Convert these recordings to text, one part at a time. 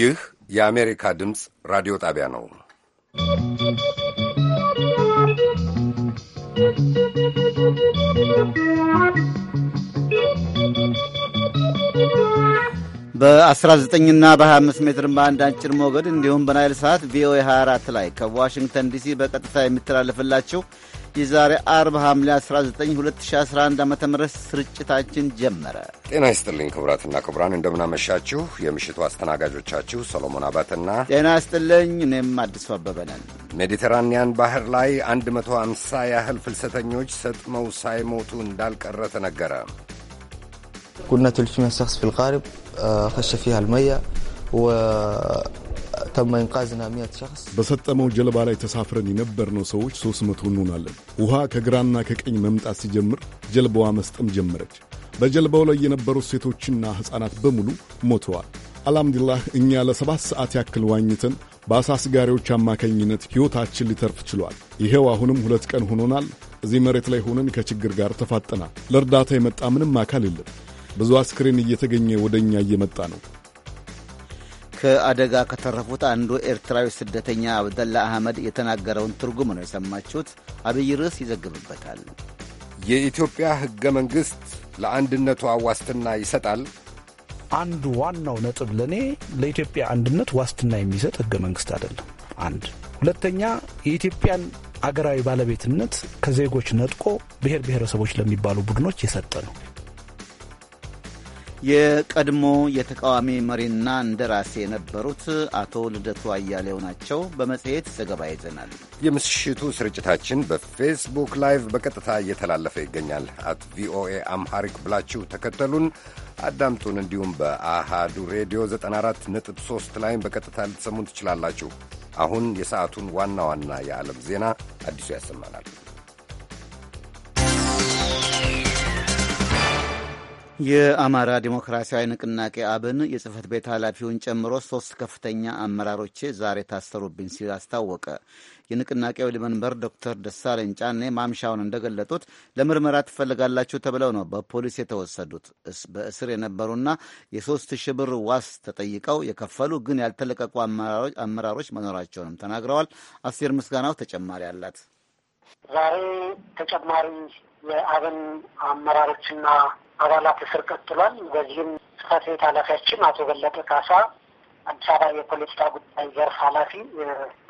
ይህ የአሜሪካ ድምፅ ራዲዮ ጣቢያ ነው። በ19ና በ25 ሜትር በአንድ አጭር ሞገድ እንዲሁም በናይል ሰዓት ቪኦኤ 24 ላይ ከዋሽንግተን ዲሲ በቀጥታ የሚተላለፍላችሁ የዛሬ አርብ ሐምሌ 19 2011 ዓ ም ስርጭታችን ጀመረ። ጤና ይስጥልኝ ክቡራትና ክቡራን፣ እንደምናመሻችሁ። የምሽቱ አስተናጋጆቻችሁ ሰሎሞን አባትና ጤና ይስጥልኝ፣ እኔም አዲሱ አበበ ነን። ሜዲተራንያን ባህር ላይ 150 ያህል ፍልሰተኞች ሰጥመው ሳይሞቱ እንዳልቀረ ተነገረ። ኩነቱ ኩና ፊልቃሪብ ከሸ ፊሃ አልመያ ወተም እንቃዝና ሚያት ሸክስ በሰጠመው ጀልባ ላይ ተሳፍረን የነበርነው ሰዎች 300 እንሆናለን። ውሃ ከግራና ከቀኝ መምጣት ሲጀምር ጀልባዋ መስጠም ጀመረች። በጀልባው ላይ የነበሩት ሴቶችና ሕፃናት በሙሉ ሞተዋል። አልሐምዱሊላህ እኛ ለሰባት ሰዓት ያክል ዋኝተን በአሳ አስጋሪዎች አማካኝነት ሕይወታችን ሊተርፍ ችሏል። ይኸው አሁንም ሁለት ቀን ሆኖናል። እዚህ መሬት ላይ ሆነን ከችግር ጋር ተፋጠናል። ለእርዳታ የመጣ ምንም አካል የለም። ብዙ አስክሬን እየተገኘ ወደ እኛ እየመጣ ነው። ከአደጋ ከተረፉት አንዱ ኤርትራዊ ስደተኛ አብደላ አህመድ የተናገረውን ትርጉም ነው የሰማችሁት። አብይ ርዕስ ይዘግብበታል። የኢትዮጵያ ሕገ መንግሥት ለአንድነቱ ዋስትና ይሰጣል። አንዱ ዋናው ነጥብ ለእኔ ለኢትዮጵያ አንድነት ዋስትና የሚሰጥ ሕገ መንግሥት አይደለም። አንድ ሁለተኛ የኢትዮጵያን አገራዊ ባለቤትነት ከዜጎች ነጥቆ ብሔር ብሔረሰቦች ለሚባሉ ቡድኖች የሰጠ ነው። የቀድሞ የተቃዋሚ መሪና እንደራሴ የነበሩት አቶ ልደቱ አያሌው ናቸው። በመጽሔት ዘገባ ይዘናል። የምሽቱ ስርጭታችን በፌስቡክ ላይቭ በቀጥታ እየተላለፈ ይገኛል። አት ቪኦኤ አምሃሪክ ብላችሁ ተከተሉን አዳምጡን። እንዲሁም በአሃዱ ሬዲዮ 94 3 ላይም በቀጥታ ልትሰሙን ትችላላችሁ። አሁን የሰዓቱን ዋና ዋና የዓለም ዜና አዲሱ ያሰማናል። የአማራ ዲሞክራሲያዊ ንቅናቄ አብን የጽህፈት ቤት ኃላፊውን ጨምሮ ሶስት ከፍተኛ አመራሮች ዛሬ ታሰሩብኝ ሲል አስታወቀ። የንቅናቄው ሊቀመንበር ዶክተር ደሳለኝ ጫኔ ማምሻውን እንደገለጡት ለምርመራ ትፈልጋላችሁ ተብለው ነው በፖሊስ የተወሰዱት። በእስር የነበሩና የሶስት ሺህ ብር ዋስ ተጠይቀው የከፈሉ ግን ያልተለቀቁ አመራሮች መኖራቸውንም ተናግረዋል። አስቴር ምስጋናው ተጨማሪ አላት። ዛሬ ተጨማሪ የአብን አመራሮችና አባላት እስር ቀጥሏል። በዚህም ጽህፈት ቤት ኃላፊያችን አቶ በለጠ ካሳ፣ አዲስ አበባ የፖለቲካ ጉዳይ ዘርፍ ኃላፊ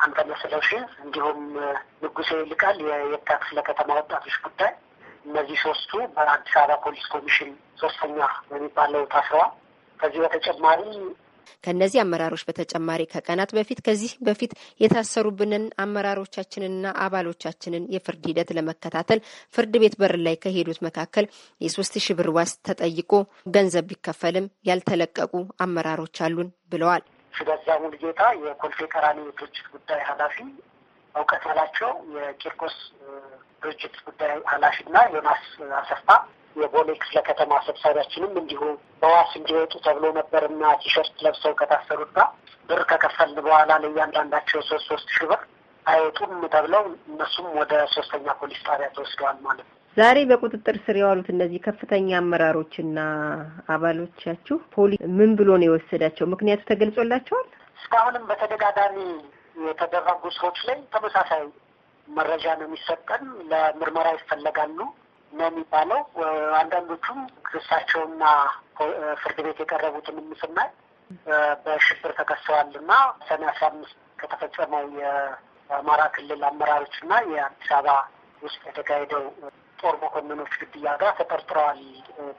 አንተነህ ስለሺ፣ እንዲሁም ንጉሴ ይልቃል የየካ ክፍለ ከተማ ወጣቶች ጉዳይ እነዚህ ሶስቱ በአዲስ አበባ ፖሊስ ኮሚሽን ሶስተኛ በሚባለው ታስረዋል። ከዚህ በተጨማሪ ከእነዚህ አመራሮች በተጨማሪ ከቀናት በፊት ከዚህ በፊት የታሰሩብንን አመራሮቻችንንና አባሎቻችንን የፍርድ ሂደት ለመከታተል ፍርድ ቤት በር ላይ ከሄዱት መካከል የሶስት ሺ ብር ዋስ ተጠይቆ ገንዘብ ቢከፈልም ያልተለቀቁ አመራሮች አሉን ብለዋል። ሽበዛሙ ልጌታ የኮልፌ ቀራኒዮ ድርጅት ጉዳይ ኃላፊ እውቀት ያላቸው የቂርቆስ ድርጅት ጉዳይ ኃላፊና ዮናስ አሰፋ የቦሌት ለከተማ ሰብሳቢያችንም እንዲሁ በዋስ እንዲወጡ ተብሎ ነበርና ቲሸርት ለብሰው ከታሰሩት ጋር ብር ከከፈልን በኋላ ለእያንዳንዳቸው ሶስት ሶስት ሺህ ብር አይወጡም ተብለው እነሱም ወደ ሶስተኛ ፖሊስ ጣቢያ ተወስደዋል ማለት ነው። ዛሬ በቁጥጥር ስር የዋሉት እነዚህ ከፍተኛ አመራሮችና አባሎቻችሁ ፖሊስ ምን ብሎ ነው የወሰዳቸው? ምክንያቱ ተገልጾላቸዋል? እስካሁንም በተደጋጋሚ የተደረጉ ሰዎች ላይ ተመሳሳይ መረጃ ነው የሚሰጠን። ለምርመራ ይፈለጋሉ ነው የሚባለው። አንዳንዶቹም ክሳቸውና ፍርድ ቤት የቀረቡትን ስናይ በሽብር ተከሰዋል እና ሰኔ አስራ አምስት ከተፈጸመው የአማራ ክልል አመራሮች እና የአዲስ አበባ ውስጥ የተካሄደው ጦር መኮንኖች ግድያ ጋር ተጠርጥረዋል።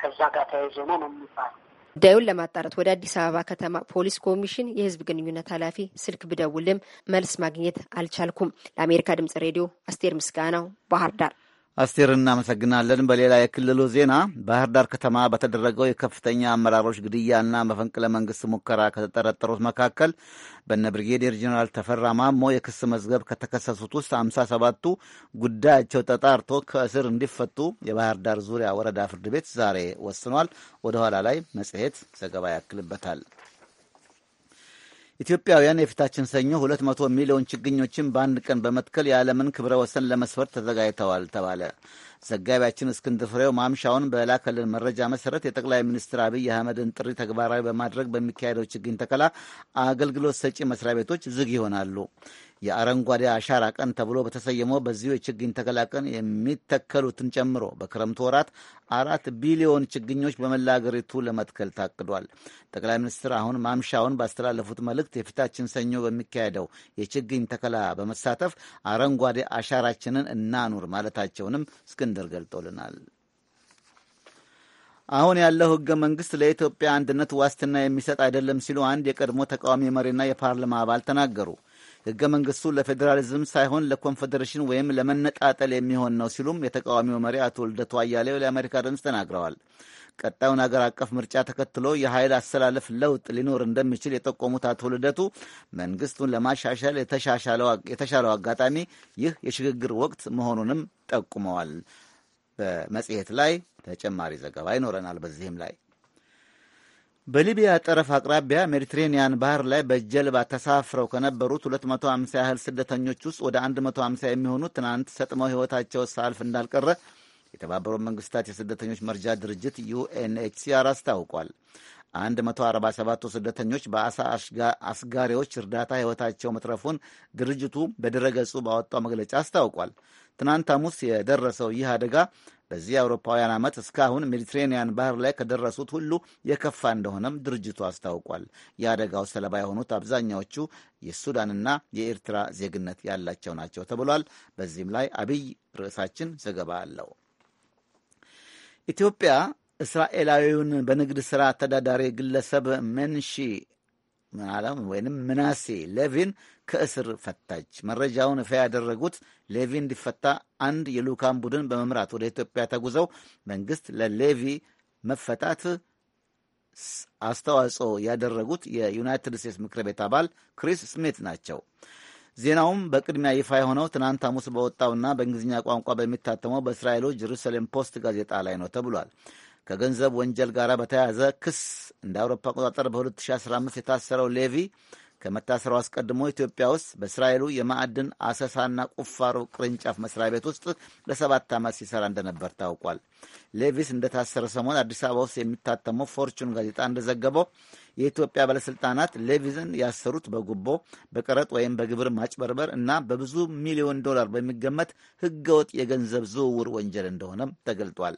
ከዛ ጋር ተያይዞ ነው ነው የሚባለው። ጉዳዩን ለማጣራት ወደ አዲስ አበባ ከተማ ፖሊስ ኮሚሽን የሕዝብ ግንኙነት ኃላፊ ስልክ ብደውልም መልስ ማግኘት አልቻልኩም። ለአሜሪካ ድምጽ ሬዲዮ አስቴር ምስጋናው ባህር ዳር። አስቴር እናመሰግናለን። በሌላ የክልሉ ዜና ባህር ዳር ከተማ በተደረገው የከፍተኛ አመራሮች ግድያና መፈንቅለ መንግስት ሙከራ ከተጠረጠሩት መካከል በነ ብርጌዴር ጀኔራል ተፈራ ማሞ የክስ መዝገብ ከተከሰሱት ውስጥ አምሳ ሰባቱ ጉዳያቸው ተጣርቶ ከእስር እንዲፈቱ የባህር ዳር ዙሪያ ወረዳ ፍርድ ቤት ዛሬ ወስኗል። ወደ ኋላ ላይ መጽሔት ዘገባ ያክልበታል። ኢትዮጵያውያን የፊታችን ሰኞ ሁለት መቶ ሚሊዮን ችግኞችን በአንድ ቀን በመትከል የዓለምን ክብረ ወሰን ለመስፈር ተዘጋጅተዋል ተባለ። ዘጋቢያችን እስክንድር ፍሬው ማምሻውን በላከልን መረጃ መሰረት የጠቅላይ ሚኒስትር አብይ አህመድን ጥሪ ተግባራዊ በማድረግ በሚካሄደው ችግኝ ተከላ አገልግሎት ሰጪ መስሪያ ቤቶች ዝግ ይሆናሉ። የአረንጓዴ አሻራ ቀን ተብሎ በተሰየመው በዚሁ የችግኝ ተከላ ቀን የሚተከሉትን ጨምሮ በክረምቱ ወራት አራት ቢሊዮን ችግኞች በመላ አገሪቱ ለመትከል ታቅዷል። ጠቅላይ ሚኒስትር አሁን ማምሻውን ባስተላለፉት መልእክት የፊታችን ሰኞ በሚካሄደው የችግኝ ተከላ በመሳተፍ አረንጓዴ አሻራችንን እናኑር ማለታቸውንም እስክንድር እስክንድር ገልጦልናል። አሁን ያለው ህገ መንግስት ለኢትዮጵያ አንድነት ዋስትና የሚሰጥ አይደለም ሲሉ አንድ የቀድሞ ተቃዋሚ መሪና የፓርላማ አባል ተናገሩ። ህገ መንግስቱ ለፌዴራሊዝም ሳይሆን ለኮንፌዴሬሽን ወይም ለመነጣጠል የሚሆን ነው ሲሉም የተቃዋሚው መሪ አቶ ልደቱ አያሌው ለአሜሪካ ድምፅ ተናግረዋል። ቀጣዩን አገር አቀፍ ምርጫ ተከትሎ የኃይል አሰላለፍ ለውጥ ሊኖር እንደሚችል የጠቆሙት አቶ ልደቱ መንግስቱን ለማሻሻል የተሻለው አጋጣሚ ይህ የሽግግር ወቅት መሆኑንም ጠቁመዋል። በመጽሔት ላይ ተጨማሪ ዘገባ ይኖረናል። በዚህም ላይ በሊቢያ ጠረፍ አቅራቢያ ሜዲትሬንያን ባህር ላይ በጀልባ ተሳፍረው ከነበሩት 250 ያህል ስደተኞች ውስጥ ወደ 150 የሚሆኑት ትናንት ሰጥመው ሕይወታቸው ሳልፍ እንዳልቀረ የተባበሩት መንግስታት የስደተኞች መርጃ ድርጅት ዩኤንኤችሲአር አስታውቋል። 147ቱ ስደተኞች በአሳ አስጋሪዎች እርዳታ ሕይወታቸው መትረፉን ድርጅቱ በድረገጹ ባወጣው መግለጫ አስታውቋል። ትናንት ሐሙስ የደረሰው ይህ አደጋ በዚህ የአውሮፓውያን ዓመት እስካሁን ሜዲትሬንያን ባህር ላይ ከደረሱት ሁሉ የከፋ እንደሆነም ድርጅቱ አስታውቋል። የአደጋው ሰለባ የሆኑት አብዛኛዎቹ የሱዳንና የኤርትራ ዜግነት ያላቸው ናቸው ተብሏል። በዚህም ላይ አብይ ርዕሳችን ዘገባ አለው። ኢትዮጵያ እስራኤላዊውን በንግድ ሥራ ተዳዳሪ ግለሰብ መንሺ ወይም ምናሴ ሌቪን ከእስር ፈታች። መረጃውን እፋ ያደረጉት ሌቪ እንዲፈታ አንድ የልዑካን ቡድን በመምራት ወደ ኢትዮጵያ ተጉዘው መንግስት ለሌቪ መፈታት አስተዋጽኦ ያደረጉት የዩናይትድ ስቴትስ ምክር ቤት አባል ክሪስ ስሚት ናቸው። ዜናውም በቅድሚያ ይፋ የሆነው ትናንት ሐሙስ በወጣውና በእንግሊዝኛ ቋንቋ በሚታተመው በእስራኤሉ ጀሩሳሌም ፖስት ጋዜጣ ላይ ነው ተብሏል። ከገንዘብ ወንጀል ጋር በተያያዘ ክስ እንደ አውሮፓ አቆጣጠር በ2015 የታሰረው ሌቪ ከመታሰሩ አስቀድሞ ኢትዮጵያ ውስጥ በእስራኤሉ የማዕድን አሰሳና ቁፋሮ ቅርንጫፍ መስሪያ ቤት ውስጥ ለሰባት ዓመት ሲሰራ እንደነበር ታውቋል። ሌቪስ እንደታሰረ ሰሞን አዲስ አበባ ውስጥ የሚታተመው ፎርቹን ጋዜጣ እንደዘገበው የኢትዮጵያ ባለሥልጣናት ሌቪዝን ያሰሩት በጉቦ በቀረጥ ወይም በግብር ማጭበርበር እና በብዙ ሚሊዮን ዶላር በሚገመት ሕገወጥ የገንዘብ ዝውውር ወንጀል እንደሆነም ተገልጧል።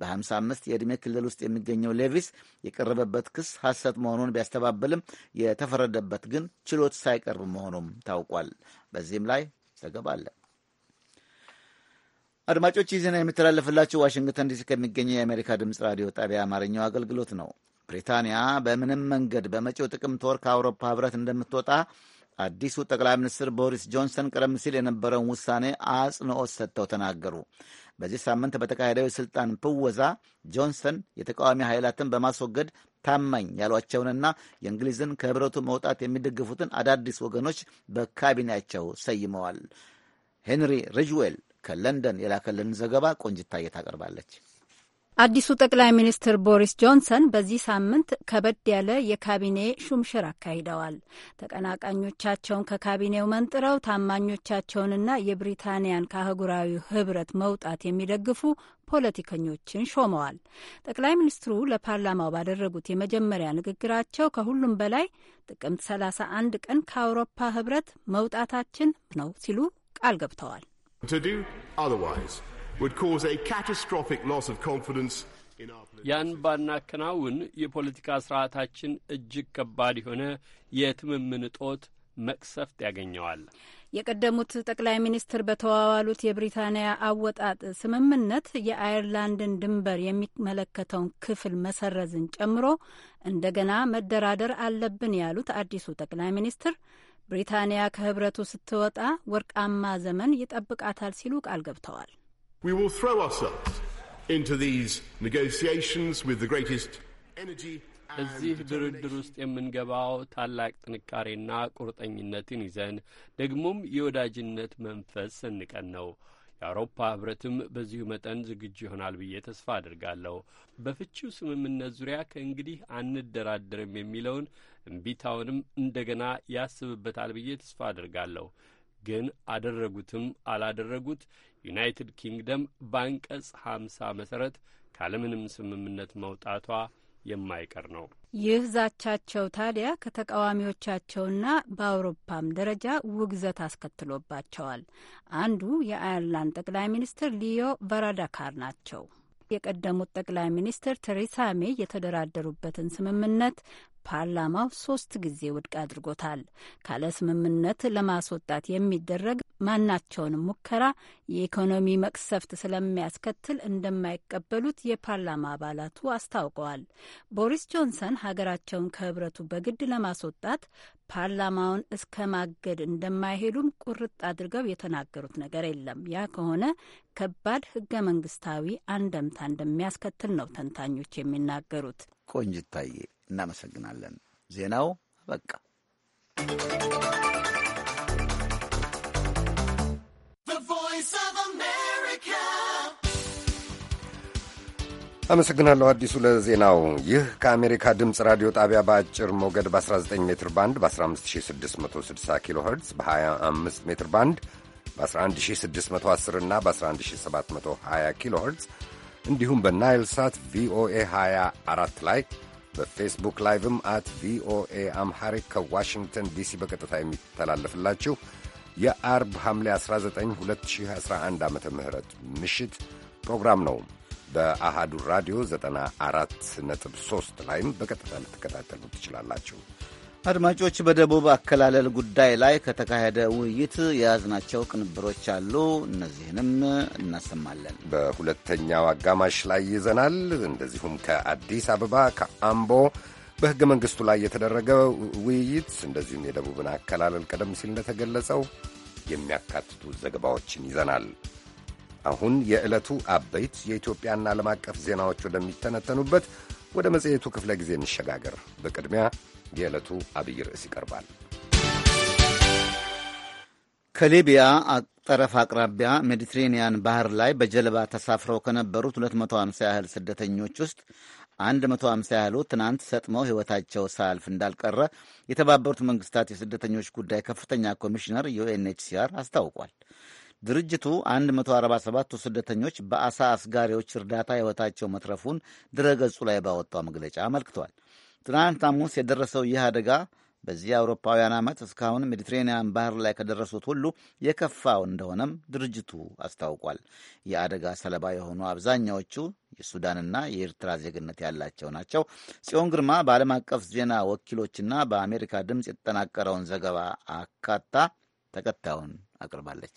በ55 የዕድሜ ክልል ውስጥ የሚገኘው ሌቪስ የቀረበበት ክስ ሐሰት መሆኑን ቢያስተባብልም የተፈረደበት ግን ችሎት ሳይቀርብ መሆኑም ታውቋል። በዚህም ላይ ዘገባ አለ። አድማጮች ይህ ዜና ዋሽንግተን ዲሲ ከሚገኘው የአሜሪካ ድምፅ ራዲዮ ጣቢያ አማርኛው አገልግሎት ነው። ብሪታንያ በምንም መንገድ በመጪው ጥቅምት ወር ከአውሮፓ ህብረት እንደምትወጣ አዲሱ ጠቅላይ ሚኒስትር ቦሪስ ጆንሰን ቀደም ሲል የነበረውን ውሳኔ አጽንኦት ሰጥተው ተናገሩ። በዚህ ሳምንት በተካሄደው የሥልጣን ፕወዛ ጆንሰን የተቃዋሚ ኃይላትን በማስወገድ ታማኝ ያሏቸውንና የእንግሊዝን ከህብረቱ መውጣት የሚደግፉትን አዳዲስ ወገኖች በካቢኔያቸው ሰይመዋል። ሄንሪ ሪጅዌል ከለንደን የላከልን ዘገባ ቆንጅታዬ ታቀርባለች። አዲሱ ጠቅላይ ሚኒስትር ቦሪስ ጆንሰን በዚህ ሳምንት ከበድ ያለ የካቢኔ ሹምሽር አካሂደዋል። ተቀናቃኞቻቸውን ከካቢኔው መንጥረው ታማኞቻቸውንና የብሪታንያን ከአህጉራዊ ህብረት መውጣት የሚደግፉ ፖለቲከኞችን ሾመዋል። ጠቅላይ ሚኒስትሩ ለፓርላማው ባደረጉት የመጀመሪያ ንግግራቸው ከሁሉም በላይ ጥቅምት 31 ቀን ከአውሮፓ ህብረት መውጣታችን ነው ሲሉ ቃል ገብተዋል። ያን ባናከናውን የፖለቲካ ስርዓታችን እጅግ ከባድ የሆነ የትምምን እጦት መቅሰፍት ያገኘዋል። የቀደሙት ጠቅላይ ሚኒስትር በተዋዋሉት የብሪታንያ አወጣጥ ስምምነት የአየርላንድን ድንበር የሚመለከተውን ክፍል መሰረዝን ጨምሮ እንደገና መደራደር አለብን ያሉት አዲሱ ጠቅላይ ሚኒስትር ብሪታንያ ከህብረቱ ስትወጣ ወርቃማ ዘመን ይጠብቃታል ሲሉ ቃል ገብተዋል። እዚህ ድርድር ውስጥ የምንገባው ታላቅ ጥንካሬና ቁርጠኝነትን ይዘን ደግሞም የወዳጅነት መንፈስ ሰንቀን ነው። የአውሮፓ ህብረትም በዚሁ መጠን ዝግጁ ይሆናል ብዬ ተስፋ አድርጋለሁ። በፍቺው ስምምነት ዙሪያ ከእንግዲህ አንደራደርም የሚለውን እምቢታውንም እንደገና ያስብበታል ብዬ ተስፋ አድርጋለሁ። ግን አደረጉትም አላደረጉት ዩናይትድ ኪንግደም በአንቀጽ ሀምሳ መሰረት ካለምንም ስምምነት መውጣቷ የማይቀር ነው። ይህ ዛቻቸው ታዲያ ከተቃዋሚዎቻቸውና በአውሮፓም ደረጃ ውግዘት አስከትሎባቸዋል። አንዱ የአየርላንድ ጠቅላይ ሚኒስትር ሊዮ ቫራዳካር ናቸው። የቀደሙት ጠቅላይ ሚኒስትር ቴሬሳ ሜይ የተደራደሩበትን ስምምነት ፓርላማው ሶስት ጊዜ ውድቅ አድርጎታል። ካለ ስምምነት ለማስወጣት የሚደረግ ማናቸውንም ሙከራ የኢኮኖሚ መቅሰፍት ስለሚያስከትል እንደማይቀበሉት የፓርላማ አባላቱ አስታውቀዋል። ቦሪስ ጆንሰን ሀገራቸውን ከህብረቱ በግድ ለማስወጣት ፓርላማውን እስከ ማገድ እንደማይሄዱም ቁርጥ አድርገው የተናገሩት ነገር የለም። ያ ከሆነ ከባድ ህገ መንግስታዊ አንደምታ እንደሚያስከትል ነው ተንታኞች የሚናገሩት። ቆንጅታዬ፣ እናመሰግናለን። ዜናው በቃ አመሰግናለሁ አዲሱ ለዜናው። ይህ ከአሜሪካ ድምፅ ራዲዮ ጣቢያ በአጭር ሞገድ በ19 ሜትር ባንድ በ15660 ኪሎ ኸርትዝ በ25 ሜትር ባንድ በ11610 እና በ11720 ኪሎ ኸርትዝ እንዲሁም በናይል ሳት ቪኦኤ 24 ላይ በፌስቡክ ላይቭም አት ቪኦኤ አምሐሪክ ከዋሽንግተን ዲሲ በቀጥታ የሚተላለፍላችሁ የአርብ ሐምሌ 19 2011 ዓ ም ምሽት ፕሮግራም ነው። በአሃዱ ራዲዮ 94.3 ላይም በቀጥታ ልትከታተሉ ትችላላችሁ። አድማጮች፣ በደቡብ አከላለል ጉዳይ ላይ ከተካሄደ ውይይት የያዝናቸው ቅንብሮች አሉ። እነዚህንም እናሰማለን። በሁለተኛው አጋማሽ ላይ ይዘናል። እንደዚሁም ከአዲስ አበባ ከአምቦ በሕገ መንግሥቱ ላይ የተደረገ ውይይት እንደዚሁም የደቡብን አከላለል ቀደም ሲል እንደተገለጸው የሚያካትቱ ዘገባዎችን ይዘናል። አሁን የዕለቱ አበይት የኢትዮጵያና ዓለም አቀፍ ዜናዎች ወደሚተነተኑበት ወደ መጽሔቱ ክፍለ ጊዜ እንሸጋገር። በቅድሚያ የዕለቱ አብይ ርዕስ ይቀርባል። ከሊቢያ ጠረፍ አቅራቢያ ሜዲትሬንያን ባህር ላይ በጀልባ ተሳፍረው ከነበሩት 250 ያህል ስደተኞች ውስጥ 150 ያህሉ ትናንት ሰጥመው ሕይወታቸው ሳያልፍ እንዳልቀረ የተባበሩት መንግስታት የስደተኞች ጉዳይ ከፍተኛ ኮሚሽነር ዩኤንኤችሲአር አስታውቋል። ድርጅቱ 147ቱ ስደተኞች በአሳ አስጋሪዎች እርዳታ ሕይወታቸው መትረፉን ድረገጹ ላይ ባወጣው መግለጫ አመልክቷል። ትናንት ሐሙስ የደረሰው ይህ አደጋ በዚህ አውሮፓውያን ዓመት እስካሁን ሜዲትሬንያን ባህር ላይ ከደረሱት ሁሉ የከፋው እንደሆነም ድርጅቱ አስታውቋል። የአደጋ ሰለባ የሆኑ አብዛኛዎቹ የሱዳንና የኤርትራ ዜግነት ያላቸው ናቸው። ጽዮን ግርማ በዓለም አቀፍ ዜና ወኪሎችና በአሜሪካ ድምፅ የተጠናቀረውን ዘገባ አካታ ተከታዩን አቅርባለች።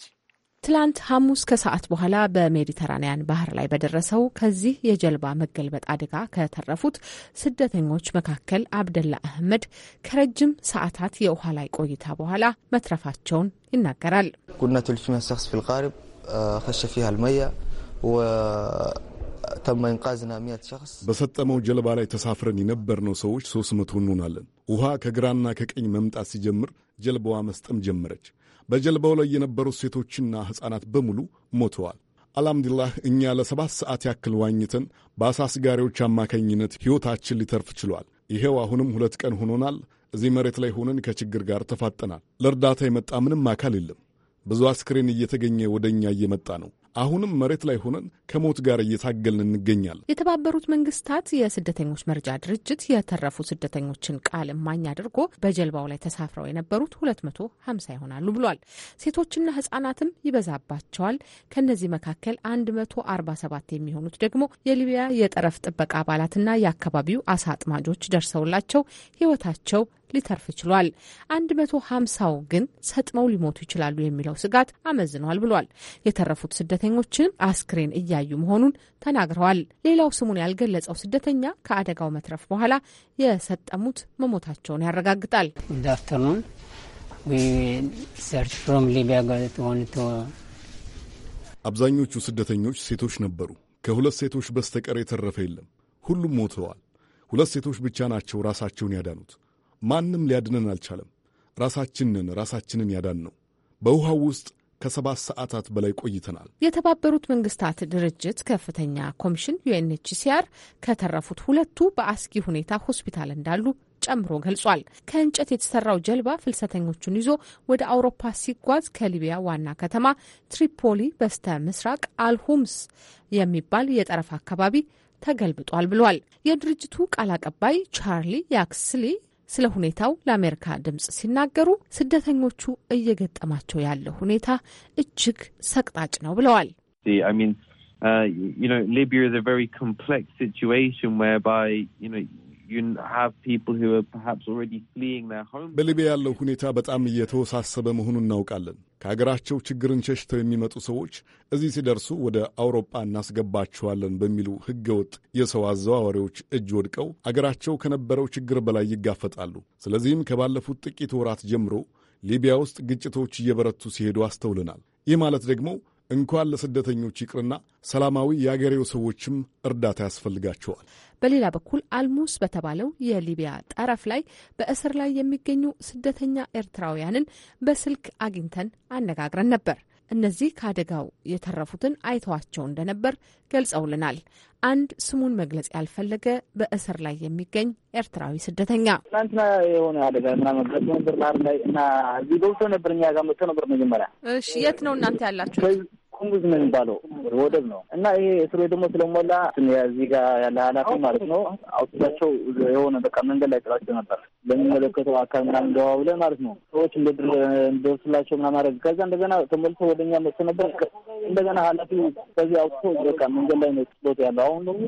ትላንት ሐሙስ ከሰዓት በኋላ በሜዲተራንያን ባህር ላይ በደረሰው ከዚህ የጀልባ መገልበጥ አደጋ ከተረፉት ስደተኞች መካከል አብደላ አህመድ ከረጅም ሰዓታት የውሃ ላይ ቆይታ በኋላ መትረፋቸውን ይናገራል። በሰጠመው ጀልባ ላይ ተሳፍረን የነበርነው ሰዎች ሦስት መቶ እንሆናለን። ውሃ ከግራና ከቀኝ መምጣት ሲጀምር ጀልባዋ መስጠም ጀመረች። በጀልባው ላይ የነበሩ ሴቶችና ሕፃናት በሙሉ ሞተዋል። አልሐምዱሊላህ እኛ ለሰባት ሰዓት ያክል ዋኝተን በአሳ አስጋሪዎች አማካኝነት ሕይወታችን ሊተርፍ ችሏል። ይሄው አሁንም ሁለት ቀን ሆኖናል። እዚህ መሬት ላይ ሆነን ከችግር ጋር ተፋጠናል። ለእርዳታ የመጣ ምንም አካል የለም። ብዙ አስክሬን እየተገኘ ወደ እኛ እየመጣ ነው። አሁንም መሬት ላይ ሆነን ከሞት ጋር እየታገልን እንገኛለን። የተባበሩት መንግስታት የስደተኞች መርጃ ድርጅት የተረፉ ስደተኞችን ቃል እማኝ አድርጎ በጀልባው ላይ ተሳፍረው የነበሩት 250 ይሆናሉ ብሏል። ሴቶችና ህጻናትም ይበዛባቸዋል። ከእነዚህ መካከል 147 የሚሆኑት ደግሞ የሊቢያ የጠረፍ ጥበቃ አባላትና የአካባቢው አሳ አጥማጆች ደርሰውላቸው ህይወታቸው ሊተርፍ ችሏል። 150ው ግን ሰጥመው ሊሞቱ ይችላሉ የሚለው ስጋት አመዝኗል ብሏል። የተረፉት ስደተኞችን አስክሬን እያዩ መሆኑን ተናግረዋል። ሌላው ስሙን ያልገለጸው ስደተኛ ከአደጋው መትረፍ በኋላ የሰጠሙት መሞታቸውን ያረጋግጣል። አብዛኞቹ ስደተኞች ሴቶች ነበሩ። ከሁለት ሴቶች በስተቀር የተረፈ የለም። ሁሉም ሞተዋል። ሁለት ሴቶች ብቻ ናቸው ራሳቸውን ያዳኑት። ማንም ሊያድነን አልቻለም። ራሳችንን ራሳችንን ያዳን ነው። በውሃው ውስጥ ከሰባት ሰዓታት በላይ ቆይተናል። የተባበሩት መንግስታት ድርጅት ከፍተኛ ኮሚሽን ዩኤንኤችሲአር ከተረፉት ሁለቱ በአስጊ ሁኔታ ሆስፒታል እንዳሉ ጨምሮ ገልጿል። ከእንጨት የተሰራው ጀልባ ፍልሰተኞቹን ይዞ ወደ አውሮፓ ሲጓዝ ከሊቢያ ዋና ከተማ ትሪፖሊ በስተ ምስራቅ አልሁምስ የሚባል የጠረፍ አካባቢ ተገልብጧል ብሏል። የድርጅቱ ቃል አቀባይ ቻርሊ ያክስሊ ስለ ሁኔታው ለአሜሪካ ድምጽ ሲናገሩ ስደተኞቹ እየገጠማቸው ያለው ሁኔታ እጅግ ሰቅጣጭ ነው ብለዋል። ሊቢያ ኮምፕሌክስ ሲቹዌሽን በሊቢያ ያለው ሁኔታ በጣም እየተወሳሰበ መሆኑን እናውቃለን። ከሀገራቸው ችግርን ሸሽተው የሚመጡ ሰዎች እዚህ ሲደርሱ ወደ አውሮፓ እናስገባቸዋለን በሚሉ ሕገወጥ የሰው አዘዋዋሪዎች እጅ ወድቀው አገራቸው ከነበረው ችግር በላይ ይጋፈጣሉ። ስለዚህም ከባለፉት ጥቂት ወራት ጀምሮ ሊቢያ ውስጥ ግጭቶች እየበረቱ ሲሄዱ አስተውለናል። ይህ ማለት ደግሞ እንኳን ለስደተኞች ይቅርና ሰላማዊ የአገሬው ሰዎችም እርዳታ ያስፈልጋቸዋል። በሌላ በኩል አልሙስ በተባለው የሊቢያ ጠረፍ ላይ በእስር ላይ የሚገኙ ስደተኛ ኤርትራውያንን በስልክ አግኝተን አነጋግረን ነበር። እነዚህ ከአደጋው የተረፉትን አይተዋቸው እንደነበር ገልጸውልናል። አንድ ስሙን መግለጽ ያልፈለገ በእስር ላይ የሚገኝ ኤርትራዊ ስደተኛ ትናንትና የሆነ አደጋ ምናምን ነበር ላይ እና እዚህ ገብቶ ነበር፣ እኛ ጋር መጥቶ ነበር መጀመሪያ። እሺ፣ የት ነው እናንተ ያላችሁት? ኩምቡዝ ነው የሚባለው ወደብ ነው እና ይሄ እስሩ ደግሞ ስለሞላ እዚህ ጋር ያለ ኃላፊ ማለት ነው አውጥቻቸው የሆነ በቃ መንገድ ላይ ጥላቸው ነበር ለሚመለከተው አካል ምናምን ደዋውለን ማለት ነው ሰዎች እንደወስላቸው ምናምን ማድረግ ከዛ እንደገና ተሞልቶ ወደኛ መጥቶ ነበር። እንደገና ኃላፊ ከዚህ አውጥቶ በቃ መንገድ ላይ ነው ጥሎት ያለው። አሁን ደግሞ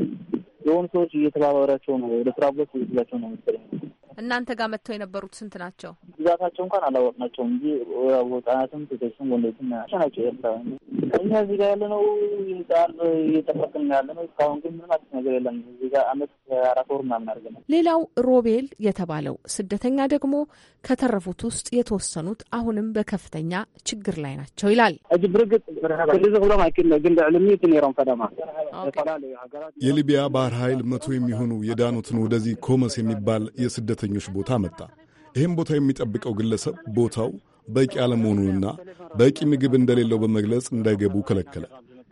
የሆኑ ሰዎች እየተባበራቸው ነው ወደ ስራ ትራብሎስ እየስላቸው ነው መሰለኝ እናንተ ጋር መጥተው የነበሩት ስንት ናቸው? ብዛታቸው እንኳን አላወቅናቸው እንጂ ህጻናትም፣ ሴቶችም ወንዶችም ናቸው። ኤርትራ እኛ እዚህ ጋር ያለ ነው ጣል እየጠበቅን ያለ ነው። እስካሁን ግን ምንም አዲስ ነገር የለም። እዚህ ጋር አመት አራት ወር ምናምን አድርገናል። ሌላው ሮቤል የተባለው ስደተኛ ደግሞ ከተረፉት ውስጥ የተወሰኑት አሁንም በከፍተኛ ችግር ላይ ናቸው ይላል። ብርግጥ የሊቢያ ባህር ኃይል መቶ የሚሆኑ የዳኑትን ወደዚህ ኮመስ የሚባል የስደት ስደተኞች ቦታ መጣ። ይህም ቦታ የሚጠብቀው ግለሰብ ቦታው በቂ አለመሆኑንና በቂ ምግብ እንደሌለው በመግለጽ እንዳይገቡ ከለከለ።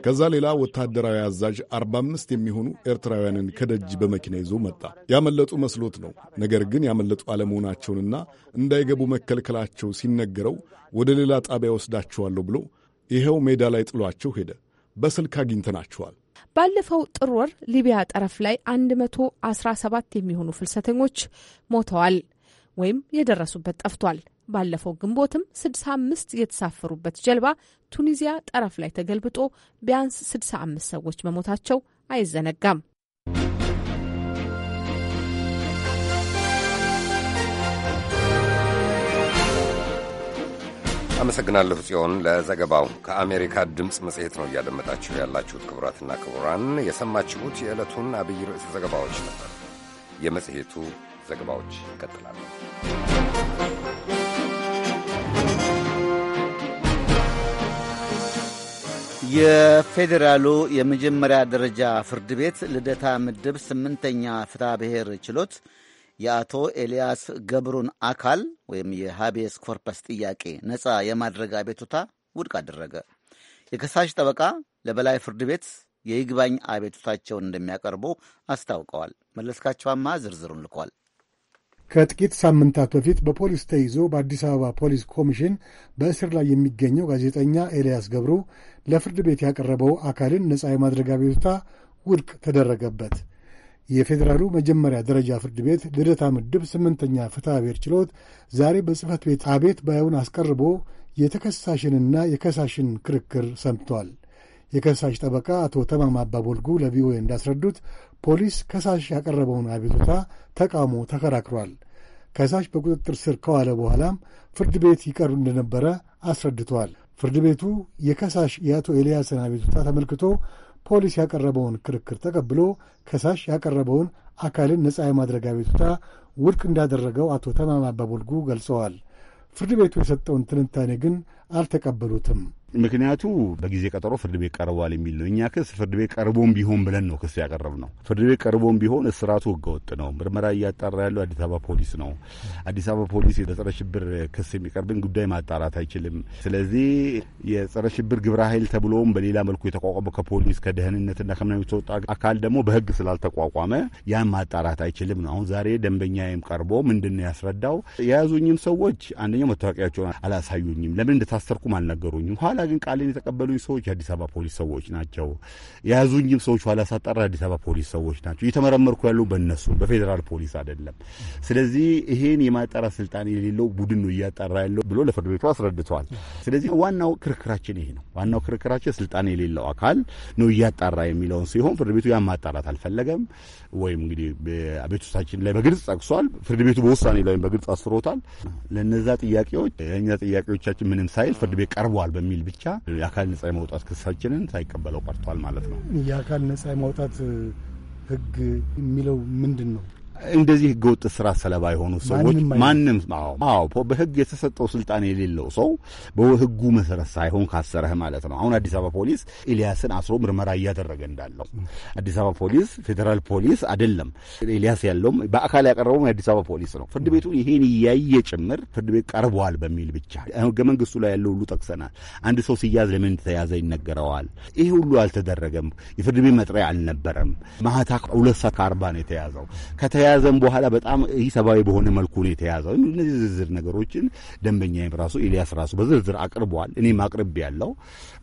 ከዛ ሌላ ወታደራዊ አዛዥ 45 የሚሆኑ ኤርትራውያንን ከደጅ በመኪና ይዞ መጣ። ያመለጡ መስሎት ነው። ነገር ግን ያመለጡ አለመሆናቸውንና እንዳይገቡ መከልከላቸው ሲነገረው ወደ ሌላ ጣቢያ ወስዳችኋለሁ ብሎ ይኸው ሜዳ ላይ ጥሏቸው ሄደ። በስልክ አግኝተናቸዋል። ባለፈው ጥር ወር ሊቢያ ጠረፍ ላይ 117 የሚሆኑ ፍልሰተኞች ሞተዋል ወይም የደረሱበት ጠፍቷል። ባለፈው ግንቦትም 65 የተሳፈሩበት ጀልባ ቱኒዚያ ጠረፍ ላይ ተገልብጦ ቢያንስ 65 ሰዎች መሞታቸው አይዘነጋም። አመሰግናለሁ ጽዮን ለዘገባው። ከአሜሪካ ድምፅ መጽሔት ነው እያደመጣችሁ ያላችሁት። ክቡራትና ክቡራን የሰማችሁት የዕለቱን አብይ ርዕስ ዘገባዎች ነበር። የመጽሔቱ ዘገባዎች ይቀጥላሉ። የፌዴራሉ የመጀመሪያ ደረጃ ፍርድ ቤት ልደታ ምድብ ስምንተኛ ፍትሐ ብሔር ችሎት የአቶ ኤልያስ ገብሩን አካል ወይም የሃቤስ ኮርፐስ ጥያቄ ነጻ የማድረግ አቤቱታ ውድቅ አደረገ። የከሳሽ ጠበቃ ለበላይ ፍርድ ቤት የይግባኝ አቤቱታቸውን እንደሚያቀርቡ አስታውቀዋል። መለስካቸዋማ ዝርዝሩን ልኳል። ከጥቂት ሳምንታት በፊት በፖሊስ ተይዞ በአዲስ አበባ ፖሊስ ኮሚሽን በእስር ላይ የሚገኘው ጋዜጠኛ ኤልያስ ገብሩ ለፍርድ ቤት ያቀረበው አካልን ነጻ የማድረግ አቤቱታ ውድቅ ተደረገበት። የፌዴራሉ መጀመሪያ ደረጃ ፍርድ ቤት ልደታ ምድብ ስምንተኛ ፍትሐ ብሔር ችሎት ዛሬ በጽህፈት ቤት አቤት ባዩን አስቀርቦ የተከሳሽንና የከሳሽን ክርክር ሰምቷል። የከሳሽ ጠበቃ አቶ ተማም አባቦልጉ ለቪኦኤ እንዳስረዱት ፖሊስ ከሳሽ ያቀረበውን አቤቱታ ተቃውሞ ተከራክሯል። ከሳሽ በቁጥጥር ስር ከዋለ በኋላም ፍርድ ቤት ይቀርብ እንደነበረ አስረድቷል። ፍርድ ቤቱ የከሳሽ የአቶ ኤልያስን አቤቱታ ተመልክቶ ፖሊስ ያቀረበውን ክርክር ተቀብሎ ከሳሽ ያቀረበውን አካልን ነጻ የማድረግ አቤቱታ ውድቅ እንዳደረገው አቶ ተማማ አባቦልጉ ገልጸዋል። ፍርድ ቤቱ የሰጠውን ትንታኔ ግን አልተቀበሉትም። ምክንያቱ በጊዜ ቀጠሮ ፍርድ ቤት ቀርቧል የሚል ነው። እኛ ክስ ፍርድ ቤት ቀርቦም ቢሆን ብለን ነው ክስ ያቀረብ ነው። ፍርድ ቤት ቀርቦም ቢሆን እስራቱ ህገወጥ ነው። ምርመራ እያጣራ ያለው አዲስ አበባ ፖሊስ ነው። አዲስ አበባ ፖሊስ የጸረ ሽብር ክስ የሚቀርብን ጉዳይ ማጣራት አይችልም። ስለዚህ የጸረ ሽብር ግብረ ኃይል ተብሎም በሌላ መልኩ የተቋቋመ ከፖሊስ ከደህንነትና ከምናምን የተወጣ አካል ደግሞ በህግ ስላልተቋቋመ ያን ማጣራት አይችልም ነው። አሁን ዛሬ ደንበኛዬም ቀርቦ ምንድን ነው ያስረዳው የያዙኝም ሰዎች አንደኛው መታወቂያቸውን አላሳዩኝም፣ ለምን እንደታሰርኩም አልነገሩኝም ኋላ በኋላ ግን ቃልን የተቀበሉኝ ሰዎች የአዲስ አበባ ፖሊስ ሰዎች ናቸው። የያዙኝም ሰዎች ኋላ ሳጣራ አዲስ አበባ ፖሊስ ሰዎች ናቸው። እየተመረመርኩ ያለው በእነሱ በፌዴራል ፖሊስ አይደለም። ስለዚህ ይሄን የማጣራት ስልጣን የሌለው ቡድን ነው እያጣራ ያለው ብሎ ለፍርድ ቤቱ አስረድተዋል። ስለዚህ ዋናው ክርክራችን ይሄ ነው። ዋናው ክርክራችን ስልጣን የሌለው አካል ነው እያጣራ የሚለውን ሲሆን ፍርድ ቤቱ ያን ማጣራት አልፈለገም። ወይም እንግዲህ አቤቱታችን ላይ በግልጽ ጠቅሷል። ፍርድ ቤቱ በውሳኔ ላይ በግልጽ አስሮታል። ለነዛ ጥያቄዎች የእኛ ጥያቄዎቻችን ምንም ሳይል ፍርድ ቤት ቀርቧል በሚል ብቻ የአካል ነጻ የማውጣት ክሳችንን ሳይቀበለው ቀርቷል ማለት ነው። የአካል ነጻ የማውጣት ህግ የሚለው ምንድን ነው? እንደዚህ ህገወጥ ስራ ሰለባ የሆኑ ሰዎች ማንም በህግ የተሰጠው ስልጣን የሌለው ሰው በህጉ መሰረት ሳይሆን ካሰረህ ማለት ነው። አሁን አዲስ አበባ ፖሊስ ኤልያስን አስሮ ምርመራ እያደረገ እንዳለው አዲስ አበባ ፖሊስ ፌዴራል ፖሊስ አይደለም። ኤልያስ ያለውም በአካል ያቀረበው የአዲስ አበባ ፖሊስ ነው። ፍርድ ቤቱ ይሄን እያየ ጭምር ፍርድ ቤት ቀርበዋል በሚል ብቻ ህገ መንግስቱ ላይ ያለው ሁሉ ጠቅሰናል። አንድ ሰው ሲያዝ ለምን ተያዘ ይነገረዋል። ይሄ ሁሉ አልተደረገም። የፍርድ ቤት መጥሪያ አልነበረም። ማታ ሁለት ሰዓት ከአርባ ነው የተያዘው። ከተያዘም በኋላ በጣም ሂሳባዊ በሆነ መልኩ ነው የተያዘው። እነዚህ ዝርዝር ነገሮችን ደንበኛ ራሱ ኤልያስ ራሱ በዝርዝር አቅርበዋል። እኔም አቅርቤ ያለው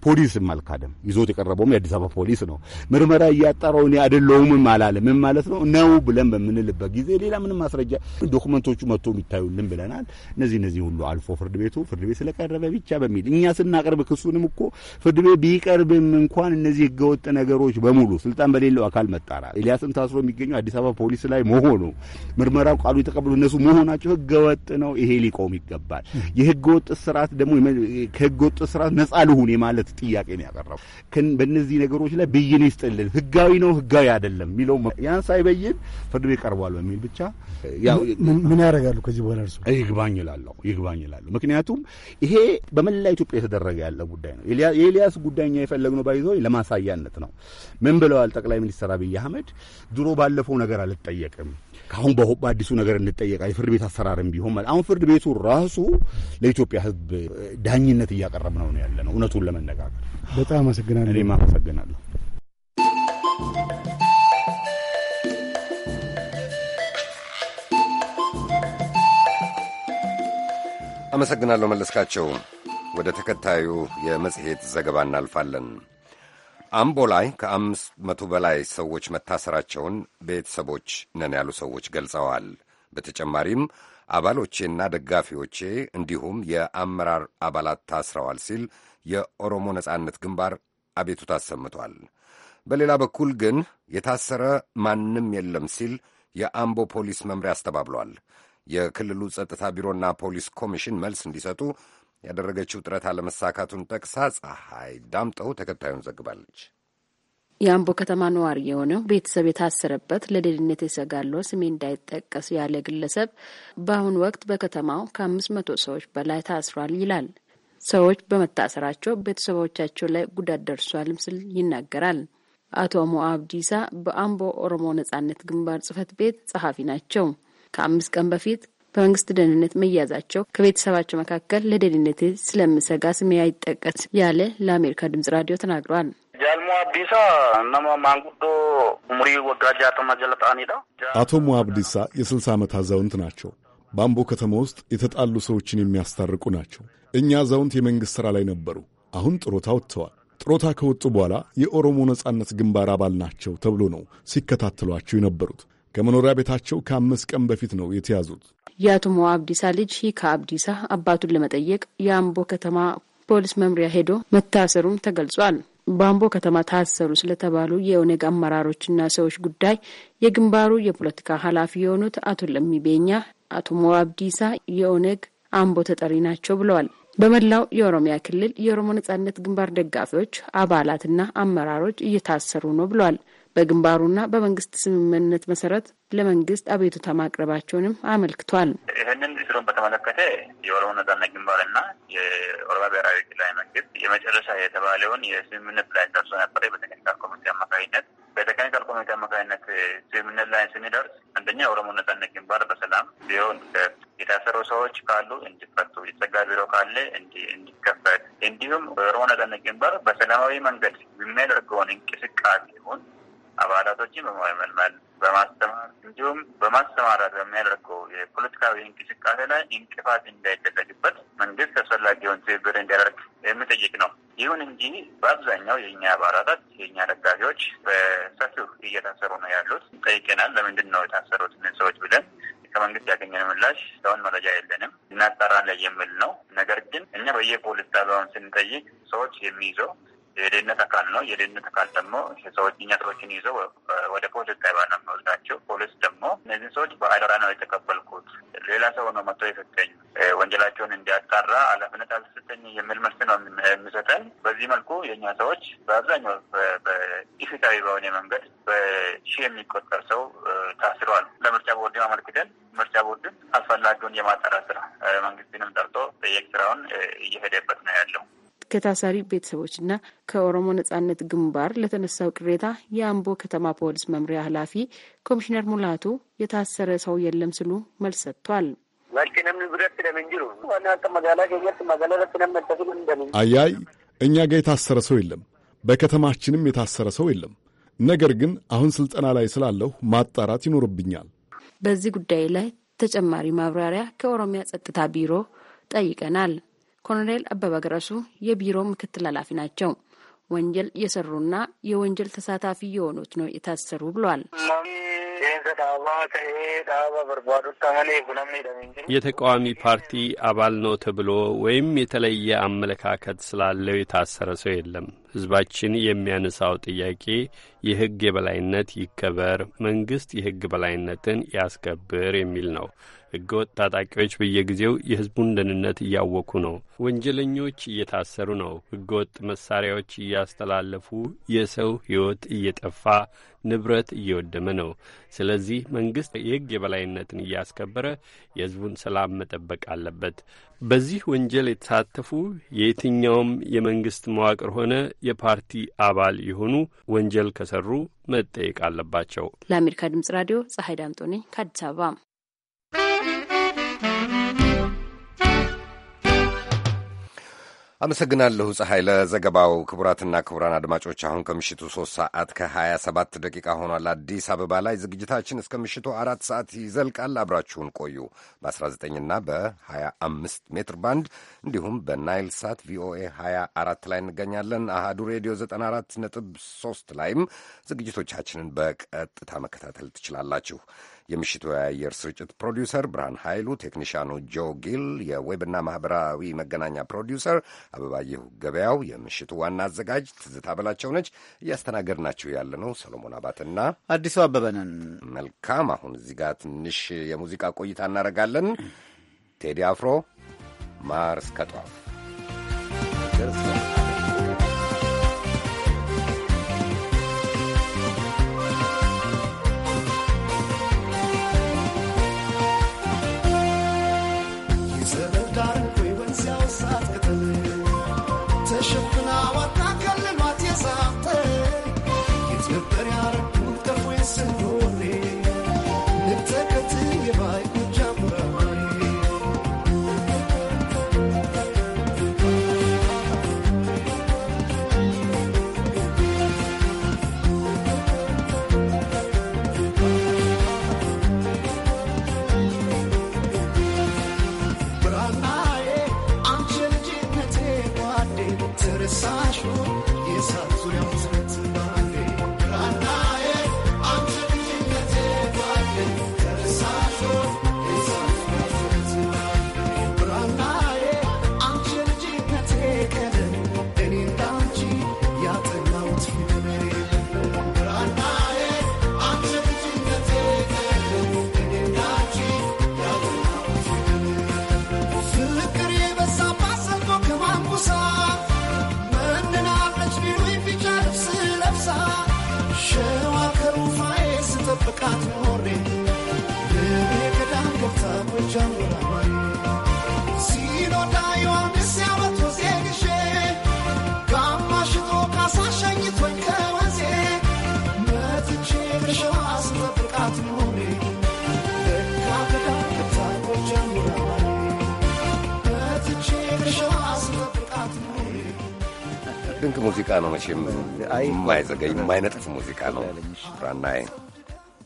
ፖሊስም አልካደም። ይዞት የቀረበውም የአዲስ አበባ ፖሊስ ነው። ምርመራ እያጣራው እኔ አይደለሁምም አላለ። ምን ማለት ነው ነው ብለን በምንልበት ጊዜ ሌላ ምንም ማስረጃ ዶክመንቶቹ መጥቶ የሚታዩልን ብለናል። እነዚህ እነዚህ ሁሉ አልፎ ፍርድ ቤቱ ፍርድ ቤት ስለቀረበ ብቻ በሚል እኛ ስናቀርብ ክሱንም እኮ ፍርድ ቤት ቢቀርብም እንኳን እነዚህ ህገወጥ ነገሮች በሙሉ ስልጣን በሌለው አካል መጣራት፣ ኤልያስን ታስሮ የሚገኘው አዲስ አበባ ፖሊስ ላይ መሆኑ፣ ምርመራው ቃሉ የተቀበሉ እነሱ መሆናቸው ህገወጥ ነው። ይሄ ሊቆም ይገባል። የህገወጥ ስርዓት ደግሞ ከህገወጥ ስርዓት ነጻ ልሁን የማለት አይነት ጥያቄ ነው ያቀረቡ። በእነዚህ ነገሮች ላይ ብይን ይስጥልን፣ ህጋዊ ነው ህጋዊ አይደለም የሚለው ያን ሳይበይን ፍርድ ቤት ቀርቧል በሚል ብቻ ምን ያደርጋሉ? ከዚህ በኋላ እርሱ ይግባኝ ይላለሁ ይግባኝ ይላለሁ። ምክንያቱም ይሄ በመላ ኢትዮጵያ የተደረገ ያለ ጉዳይ ነው። የኤልያስ ጉዳይኛ እኛ የፈለግነው ባይዞ ለማሳያነት ነው። ምን ብለዋል ጠቅላይ ሚኒስትር አብይ አህመድ? ድሮ ባለፈው ነገር አልጠየቅም ከአሁን በአዲሱ ነገር እንጠየቃ የፍርድ ቤት አሰራርም ቢሆን ማለት አሁን ፍርድ ቤቱ ራሱ ለኢትዮጵያ ሕዝብ ዳኝነት እያቀረብ ነው ያለ ነው። እውነቱን ለመነጋገር በጣም አመሰግናለሁ። እኔም አመሰግናለሁ። አመሰግናለሁ መለስካቸው። ወደ ተከታዩ የመጽሔት ዘገባ እናልፋለን። አምቦ ላይ ከአምስት መቶ በላይ ሰዎች መታሰራቸውን ቤተሰቦች ነን ያሉ ሰዎች ገልጸዋል። በተጨማሪም አባሎቼና ደጋፊዎቼ እንዲሁም የአመራር አባላት ታስረዋል ሲል የኦሮሞ ነጻነት ግንባር አቤቱታ አሰምቷል። በሌላ በኩል ግን የታሰረ ማንም የለም ሲል የአምቦ ፖሊስ መምሪያ አስተባብሏል። የክልሉ ጸጥታ ቢሮና ፖሊስ ኮሚሽን መልስ እንዲሰጡ ያደረገችው ጥረት አለመሳካቱን ጠቅሳ ፀሐይ ዳምጠው ተከታዩን ዘግባለች። የአምቦ ከተማ ነዋሪ የሆነው ቤተሰብ የታሰረበት ለደህንነት የሰጋለው ስሜ እንዳይጠቀስ ያለ ግለሰብ በአሁኑ ወቅት በከተማው ከአምስት መቶ ሰዎች በላይ ታስሯል ይላል። ሰዎች በመታሰራቸው ቤተሰቦቻቸው ላይ ጉዳት ደርሷልም ስል ይናገራል። አቶ ሞ አብዲሳ በአምቦ ኦሮሞ ነጻነት ግንባር ጽህፈት ቤት ጸሐፊ ናቸው። ከአምስት ቀን በፊት በመንግስት ደህንነት መያዛቸው ከቤተሰባቸው መካከል ለደህንነት ስለምሰጋ ስሜ አይጠቀስ ያለ ለአሜሪካ ድምጽ ራዲዮ ተናግሯል። ጃልሞ አብዲሳ እነማ ማንጉዶ ሙሪ ወጋጃ ተማጀለጣኒዳ አቶ ሞ አብዲሳ የስልሳ ዓመት አዛውንት ናቸው። በአምቦ ከተማ ውስጥ የተጣሉ ሰዎችን የሚያስታርቁ ናቸው። እኛ አዛውንት የመንግሥት ሥራ ላይ ነበሩ። አሁን ጥሮታ ወጥተዋል። ጥሮታ ከወጡ በኋላ የኦሮሞ ነጻነት ግንባር አባል ናቸው ተብሎ ነው ሲከታተሏቸው የነበሩት። ከመኖሪያ ቤታቸው ከአምስት ቀን በፊት ነው የተያዙት። የአቶ ሞ አብዲሳ ልጅ ሂካ አብዲሳ አባቱን ለመጠየቅ የአምቦ ከተማ ፖሊስ መምሪያ ሄዶ መታሰሩም ተገልጿል። በአምቦ ከተማ ታሰሩ ስለተባሉ የኦነግ አመራሮችና ሰዎች ጉዳይ የግንባሩ የፖለቲካ ኃላፊ የሆኑት አቶ ለሚቤኛ አቶ ሞ አብዲሳ የኦነግ አምቦ ተጠሪ ናቸው ብለዋል። በመላው የኦሮሚያ ክልል የኦሮሞ ነጻነት ግንባር ደጋፊዎች አባላትና አመራሮች እየታሰሩ ነው ብለዋል። በግንባሩና በመንግስት ስምምነት መሰረት ለመንግስት አቤቱታ ማቅረባቸውንም አመልክቷል። ይህንን እስሩን በተመለከተ የኦሮሞ ነጻነት ግንባርና የኦሮሚያ ብሔራዊ ክልላዊ መንግስት የመጨረሻ የተባለውን የስምምነት ላይ ደርሶ ነበር። በቴክኒካል ኮሚቴ አማካኝነት በቴክኒካል ኮሚቴ አማካኝነት ስምምነት ላይ ስንደርስ አንደኛ የኦሮሞ ነጻነት ግንባር በሰላም ቢሆን የታሰሩ ሰዎች ካሉ እንዲፈቱ፣ የጸጋ ቢሮ ካለ እንዲከፈት፣ እንዲሁም የኦሮሞ ነጻነት ግንባር በሰላማዊ መንገድ የሚያደርገውን እንቅስቃሴ አባላቶችን በመመልመል በማስተማር እንዲሁም በማስተማራት በሚያደርገው የፖለቲካዊ እንቅስቃሴ ላይ እንቅፋት እንዳይደረግበት መንግስት አስፈላጊውን ትብብር እንዲያደርግ የሚጠይቅ ነው። ይሁን እንጂ በአብዛኛው የእኛ አባላታት የእኛ ደጋፊዎች በሰፊው እየታሰሩ ነው ያሉት። ጠይቀናል። ለምንድን ነው የታሰሩት ሰዎች ብለን ከመንግስት ያገኘን ምላሽ ሰውን መረጃ የለንም እናጣራለን የሚል ነው። ነገር ግን እኛ በየፖሊስ ጣቢያውን ስንጠይቅ ሰዎች የሚይዘው የደህንነት አካል ነው። የደህንነት አካል ደግሞ ሰዎች እኛ ሰዎችን ይዞ ወደ ፖሊስ ጣቢያ ነው የሚወስዳቸው። ፖሊስ ደግሞ እነዚህ ሰዎች በአደራ ነው የተቀበልኩት፣ ሌላ ሰው ነው መጥቶ የሰጠኝ፣ ወንጀላቸውን እንዲያጣራ ኃላፊነት አልተሰጠኝ የሚል መልስ ነው የሚሰጠን። በዚህ መልኩ የእኛ ሰዎች በአብዛኛው በኢፍትሐዊ በሆነ መንገድ በሺ የሚቆጠር ሰው ታስረዋል። ለምርጫ ቦርድ አመልክተን ምርጫ ቦርድን አስፈላጊውን የማጣራት ስራ መንግስትንም ጠርቶ የስራውን እየሄደበት ነው ያለው። ከታሳሪ ቤተሰቦችና ከኦሮሞ ነጻነት ግንባር ለተነሳው ቅሬታ የአምቦ ከተማ ፖሊስ መምሪያ ኃላፊ ኮሚሽነር ሙላቱ የታሰረ ሰው የለም ሲሉ መልስ ሰጥቷል። አያይ እኛ ጋር የታሰረ ሰው የለም፣ በከተማችንም የታሰረ ሰው የለም። ነገር ግን አሁን ስልጠና ላይ ስላለሁ ማጣራት ይኖርብኛል። በዚህ ጉዳይ ላይ ተጨማሪ ማብራሪያ ከኦሮሚያ ጸጥታ ቢሮ ጠይቀናል። ኮሎኔል አበበ ገረሱ የቢሮ ምክትል ኃላፊ ናቸው። ወንጀል የሰሩና የወንጀል ተሳታፊ የሆኑት ነው የታሰሩ ብሏል። የተቃዋሚ ፓርቲ አባል ነው ተብሎ ወይም የተለየ አመለካከት ስላለው የታሰረ ሰው የለም። ህዝባችን የሚያነሳው ጥያቄ የህግ የበላይነት ይከበር፣ መንግስት የህግ በላይነትን ያስከብር የሚል ነው። ህገወጥ ታጣቂዎች በየጊዜው የህዝቡን ደህንነት እያወኩ ነው። ወንጀለኞች እየታሰሩ ነው። ህገወጥ መሳሪያዎች እያስተላለፉ የሰው ህይወት እየጠፋ ንብረት እየወደመ ነው። ስለዚህ መንግስት የህግ የበላይነትን እያስከበረ የህዝቡን ሰላም መጠበቅ አለበት። በዚህ ወንጀል የተሳተፉ የየትኛውም የመንግስት መዋቅር ሆነ የፓርቲ አባል የሆኑ ወንጀል ከሰ እንደሰሩ መጠየቅ አለባቸው። ለአሜሪካ ድምጽ ራዲዮ ፀሐይ ዳምጦ ነኝ ከአዲስ አበባ አመሰግናለሁ ፀሐይ ለዘገባው። ክቡራትና ክቡራን አድማጮች አሁን ከምሽቱ ሶስት ሰዓት ከሀያ ሰባት ደቂቃ ሆኗል አዲስ አበባ ላይ። ዝግጅታችን እስከ ምሽቱ አራት ሰዓት ይዘልቃል። አብራችሁን ቆዩ። በ19ና በ25 ሜትር ባንድ እንዲሁም በናይል ሳት ቪኦኤ 24 ላይ እንገኛለን። አሃዱ ሬዲዮ 94 ነጥብ 3 ላይም ዝግጅቶቻችንን በቀጥታ መከታተል ትችላላችሁ። የምሽቱ የአየር ስርጭት ፕሮዲውሰር ብርሃን ኃይሉ፣ ቴክኒሻኑ ጆ ጊል፣ የዌብና ማህበራዊ መገናኛ ፕሮዲውሰር አበባየሁ ገበያው፣ የምሽቱ ዋና አዘጋጅ ትዝታ በላቸው ነች። እያስተናገድናችሁ ያለ ነው ሰሎሞን አባትና አዲሱ አበበ መልካም። አሁን እዚህ ጋር ትንሽ የሙዚቃ ቆይታ እናደርጋለን። ቴዲ አፍሮ ማርስ እስከ ጧፍ ነው መቼም የማይዘገይ የማይነጥፍ ሙዚቃ ነው። ራናይ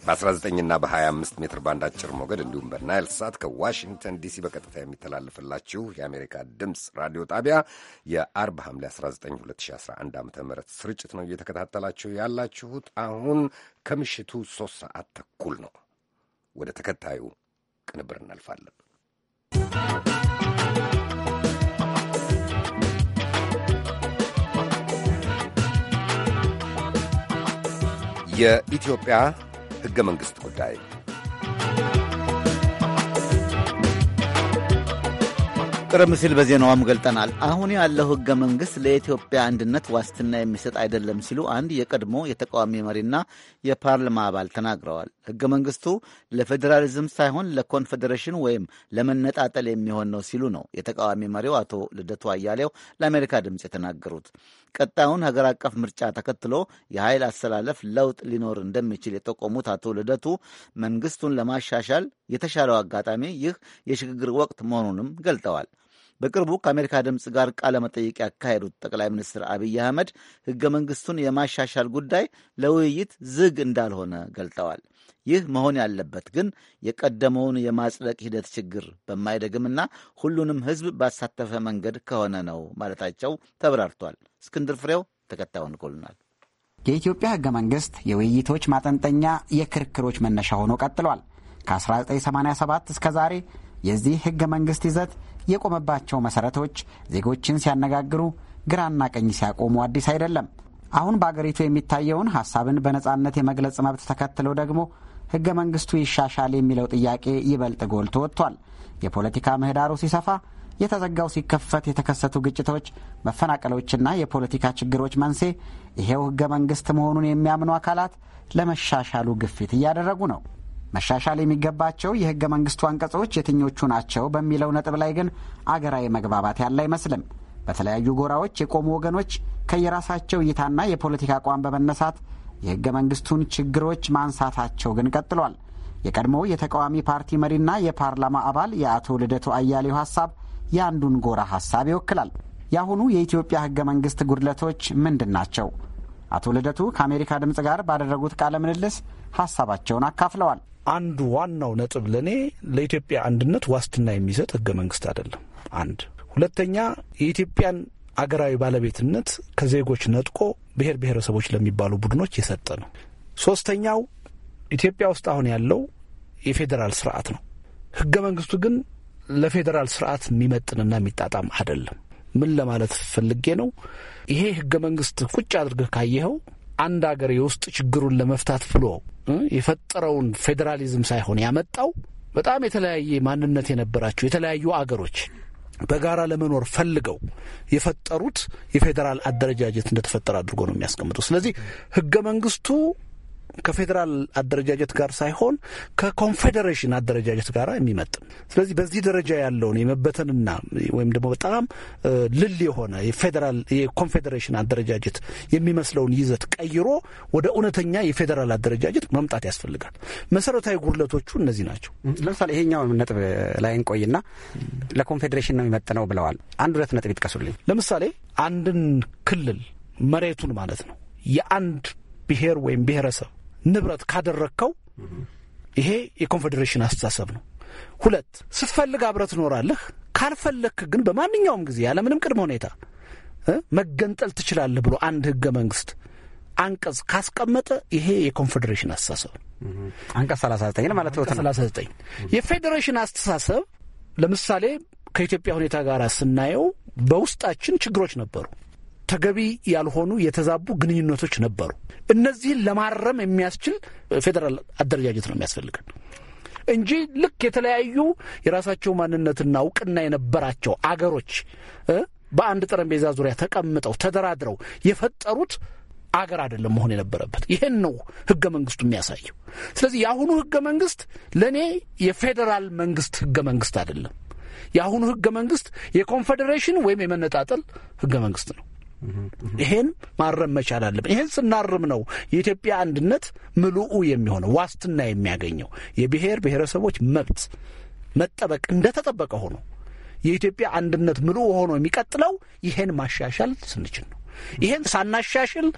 በ19ና በ25 ሜትር ባንድ አጭር ሞገድ እንዲሁም በናይል ሳት ከዋሽንግተን ዲሲ በቀጥታ የሚተላለፍላችሁ የአሜሪካ ድምፅ ራዲዮ ጣቢያ የአርብ ሐምሌ 19 2011 ዓ ም ስርጭት ነው እየተከታተላችሁ ያላችሁት። አሁን ከምሽቱ ሶስት ሰዓት ተኩል ነው። ወደ ተከታዩ ቅንብር እናልፋለን። የኢትዮጵያ ሕገ መንግሥት ጉዳይ ቀደም ሲል በዜናውም ገልጠናል። አሁን ያለው ሕገ መንግሥት ለኢትዮጵያ አንድነት ዋስትና የሚሰጥ አይደለም ሲሉ አንድ የቀድሞ የተቃዋሚ መሪና የፓርላማ አባል ተናግረዋል። ሕገ መንግሥቱ ለፌዴራሊዝም ሳይሆን ለኮንፌዴሬሽን ወይም ለመነጣጠል የሚሆን ነው ሲሉ ነው የተቃዋሚ መሪው አቶ ልደቱ አያሌው ለአሜሪካ ድምፅ የተናገሩት። ቀጣዩን ሀገር አቀፍ ምርጫ ተከትሎ የኃይል አሰላለፍ ለውጥ ሊኖር እንደሚችል የጠቆሙት አቶ ልደቱ መንግስቱን ለማሻሻል የተሻለው አጋጣሚ ይህ የሽግግር ወቅት መሆኑንም ገልጠዋል። በቅርቡ ከአሜሪካ ድምፅ ጋር ቃለ መጠይቅ ያካሄዱት ጠቅላይ ሚኒስትር አብይ አህመድ ህገ መንግስቱን የማሻሻል ጉዳይ ለውይይት ዝግ እንዳልሆነ ገልጠዋል። ይህ መሆን ያለበት ግን የቀደመውን የማጽደቅ ሂደት ችግር በማይደግምና ሁሉንም ሕዝብ ባሳተፈ መንገድ ከሆነ ነው ማለታቸው ተብራርቷል። እስክንድር ፍሬው ተከታዩን ይቆልናል። የኢትዮጵያ ሕገ መንግሥት የውይይቶች ማጠንጠኛ፣ የክርክሮች መነሻ ሆኖ ቀጥሏል። ከ1987 እስከ ዛሬ የዚህ ሕገ መንግሥት ይዘት የቆመባቸው መሠረቶች ዜጎችን ሲያነጋግሩ ግራና ቀኝ ሲያቆሙ አዲስ አይደለም። አሁን በአገሪቱ የሚታየውን ሀሳብን በነጻነት የመግለጽ መብት ተከትሎ ደግሞ ህገ መንግስቱ ይሻሻል የሚለው ጥያቄ ይበልጥ ጎልቶ ወጥቷል። የፖለቲካ ምህዳሩ ሲሰፋ፣ የተዘጋው ሲከፈት የተከሰቱ ግጭቶች፣ መፈናቀሎችና የፖለቲካ ችግሮች መንሴ ይሄው ህገ መንግስት መሆኑን የሚያምኑ አካላት ለመሻሻሉ ግፊት እያደረጉ ነው። መሻሻል የሚገባቸው የህገ መንግስቱ አንቀጾች የትኞቹ ናቸው በሚለው ነጥብ ላይ ግን አገራዊ መግባባት ያለ አይመስልም። በተለያዩ ጎራዎች የቆሙ ወገኖች ከየራሳቸው እይታና የፖለቲካ አቋም በመነሳት የህገ መንግስቱን ችግሮች ማንሳታቸው ግን ቀጥሏል። የቀድሞ የተቃዋሚ ፓርቲ መሪና የፓርላማ አባል የአቶ ልደቱ አያሌው ሀሳብ የአንዱን ጎራ ሀሳብ ይወክላል። የአሁኑ የኢትዮጵያ ህገ መንግስት ጉድለቶች ምንድን ናቸው? አቶ ልደቱ ከአሜሪካ ድምፅ ጋር ባደረጉት ቃለ ምልልስ ሀሳባቸውን አካፍለዋል። አንዱ ዋናው ነጥብ ለእኔ ለኢትዮጵያ አንድነት ዋስትና የሚሰጥ ህገ መንግስት አይደለም። አንድ ሁለተኛ የኢትዮጵያን አገራዊ ባለቤትነት ከዜጎች ነጥቆ ብሔር ብሔረሰቦች ለሚባሉ ቡድኖች የሰጠ ነው። ሶስተኛው ኢትዮጵያ ውስጥ አሁን ያለው የፌዴራል ስርዓት ነው። ህገ መንግስቱ ግን ለፌዴራል ስርዓት የሚመጥንና የሚጣጣም አይደለም። ምን ለማለት ፈልጌ ነው? ይሄ ህገ መንግስት ቁጭ አድርገህ ካየኸው አንድ አገር የውስጥ ችግሩን ለመፍታት ብሎ የፈጠረውን ፌዴራሊዝም ሳይሆን ያመጣው በጣም የተለያየ ማንነት የነበራቸው የተለያዩ አገሮች በጋራ ለመኖር ፈልገው የፈጠሩት የፌዴራል አደረጃጀት እንደተፈጠረ አድርጎ ነው የሚያስቀምጠው። ስለዚህ ህገ መንግስቱ ከፌዴራል አደረጃጀት ጋር ሳይሆን ከኮንፌዴሬሽን አደረጃጀት ጋር የሚመጥን ስለዚህ በዚህ ደረጃ ያለውን የመበተንና ወይም ደግሞ በጣም ልል የሆነ የፌዴራል የኮንፌዴሬሽን አደረጃጀት የሚመስለውን ይዘት ቀይሮ ወደ እውነተኛ የፌዴራል አደረጃጀት መምጣት ያስፈልጋል። መሰረታዊ ጉድለቶቹ እነዚህ ናቸው። ለምሳሌ ይሄኛው ነጥብ ላይ እንቆይና ለኮንፌዴሬሽን ነው የሚመጥነው ብለዋል። አንድ ሁለት ነጥብ ይጥቀሱልኝ። ለምሳሌ አንድን ክልል መሬቱን ማለት ነው የአንድ ብሔር ወይም ብሔረሰብ ንብረት ካደረግከው ይሄ የኮንፌዴሬሽን አስተሳሰብ ነው። ሁለት ስትፈልግ አብረህ ትኖራለህ፣ ካልፈለግክ ግን በማንኛውም ጊዜ ያለምንም ቅድመ ሁኔታ መገንጠል ትችላለህ ብሎ አንድ ህገ መንግስት አንቀጽ ካስቀመጠ ይሄ የኮንፌዴሬሽን አስተሳሰብ አንቀጽ 39 ማለት ነው። 39 የፌዴሬሽን አስተሳሰብ ለምሳሌ ከኢትዮጵያ ሁኔታ ጋር ስናየው በውስጣችን ችግሮች ነበሩ። ተገቢ ያልሆኑ የተዛቡ ግንኙነቶች ነበሩ። እነዚህን ለማረም የሚያስችል ፌዴራል አደረጃጀት ነው የሚያስፈልገን እንጂ ልክ የተለያዩ የራሳቸው ማንነትና እውቅና የነበራቸው አገሮች በአንድ ጠረጴዛ ዙሪያ ተቀምጠው ተደራድረው የፈጠሩት አገር አይደለም መሆን የነበረበት። ይህን ነው ህገ መንግስቱ የሚያሳየው። ስለዚህ የአሁኑ ህገ መንግስት ለእኔ የፌዴራል መንግስት ህገ መንግስት አይደለም። የአሁኑ ህገ መንግስት የኮንፌዴሬሽን ወይም የመነጣጠል ህገ መንግስት ነው። ይሄን ማረም መቻል አለብን። ይሄን ስናርም ነው የኢትዮጵያ አንድነት ምልኡ የሚሆነው ዋስትና የሚያገኘው የብሔር ብሔረሰቦች መብት መጠበቅ እንደተጠበቀ ሆኖ የኢትዮጵያ አንድነት ምልኡ ሆኖ የሚቀጥለው ይሄን ማሻሻል ስንችል ነው። ይሄን ሳናሻሽል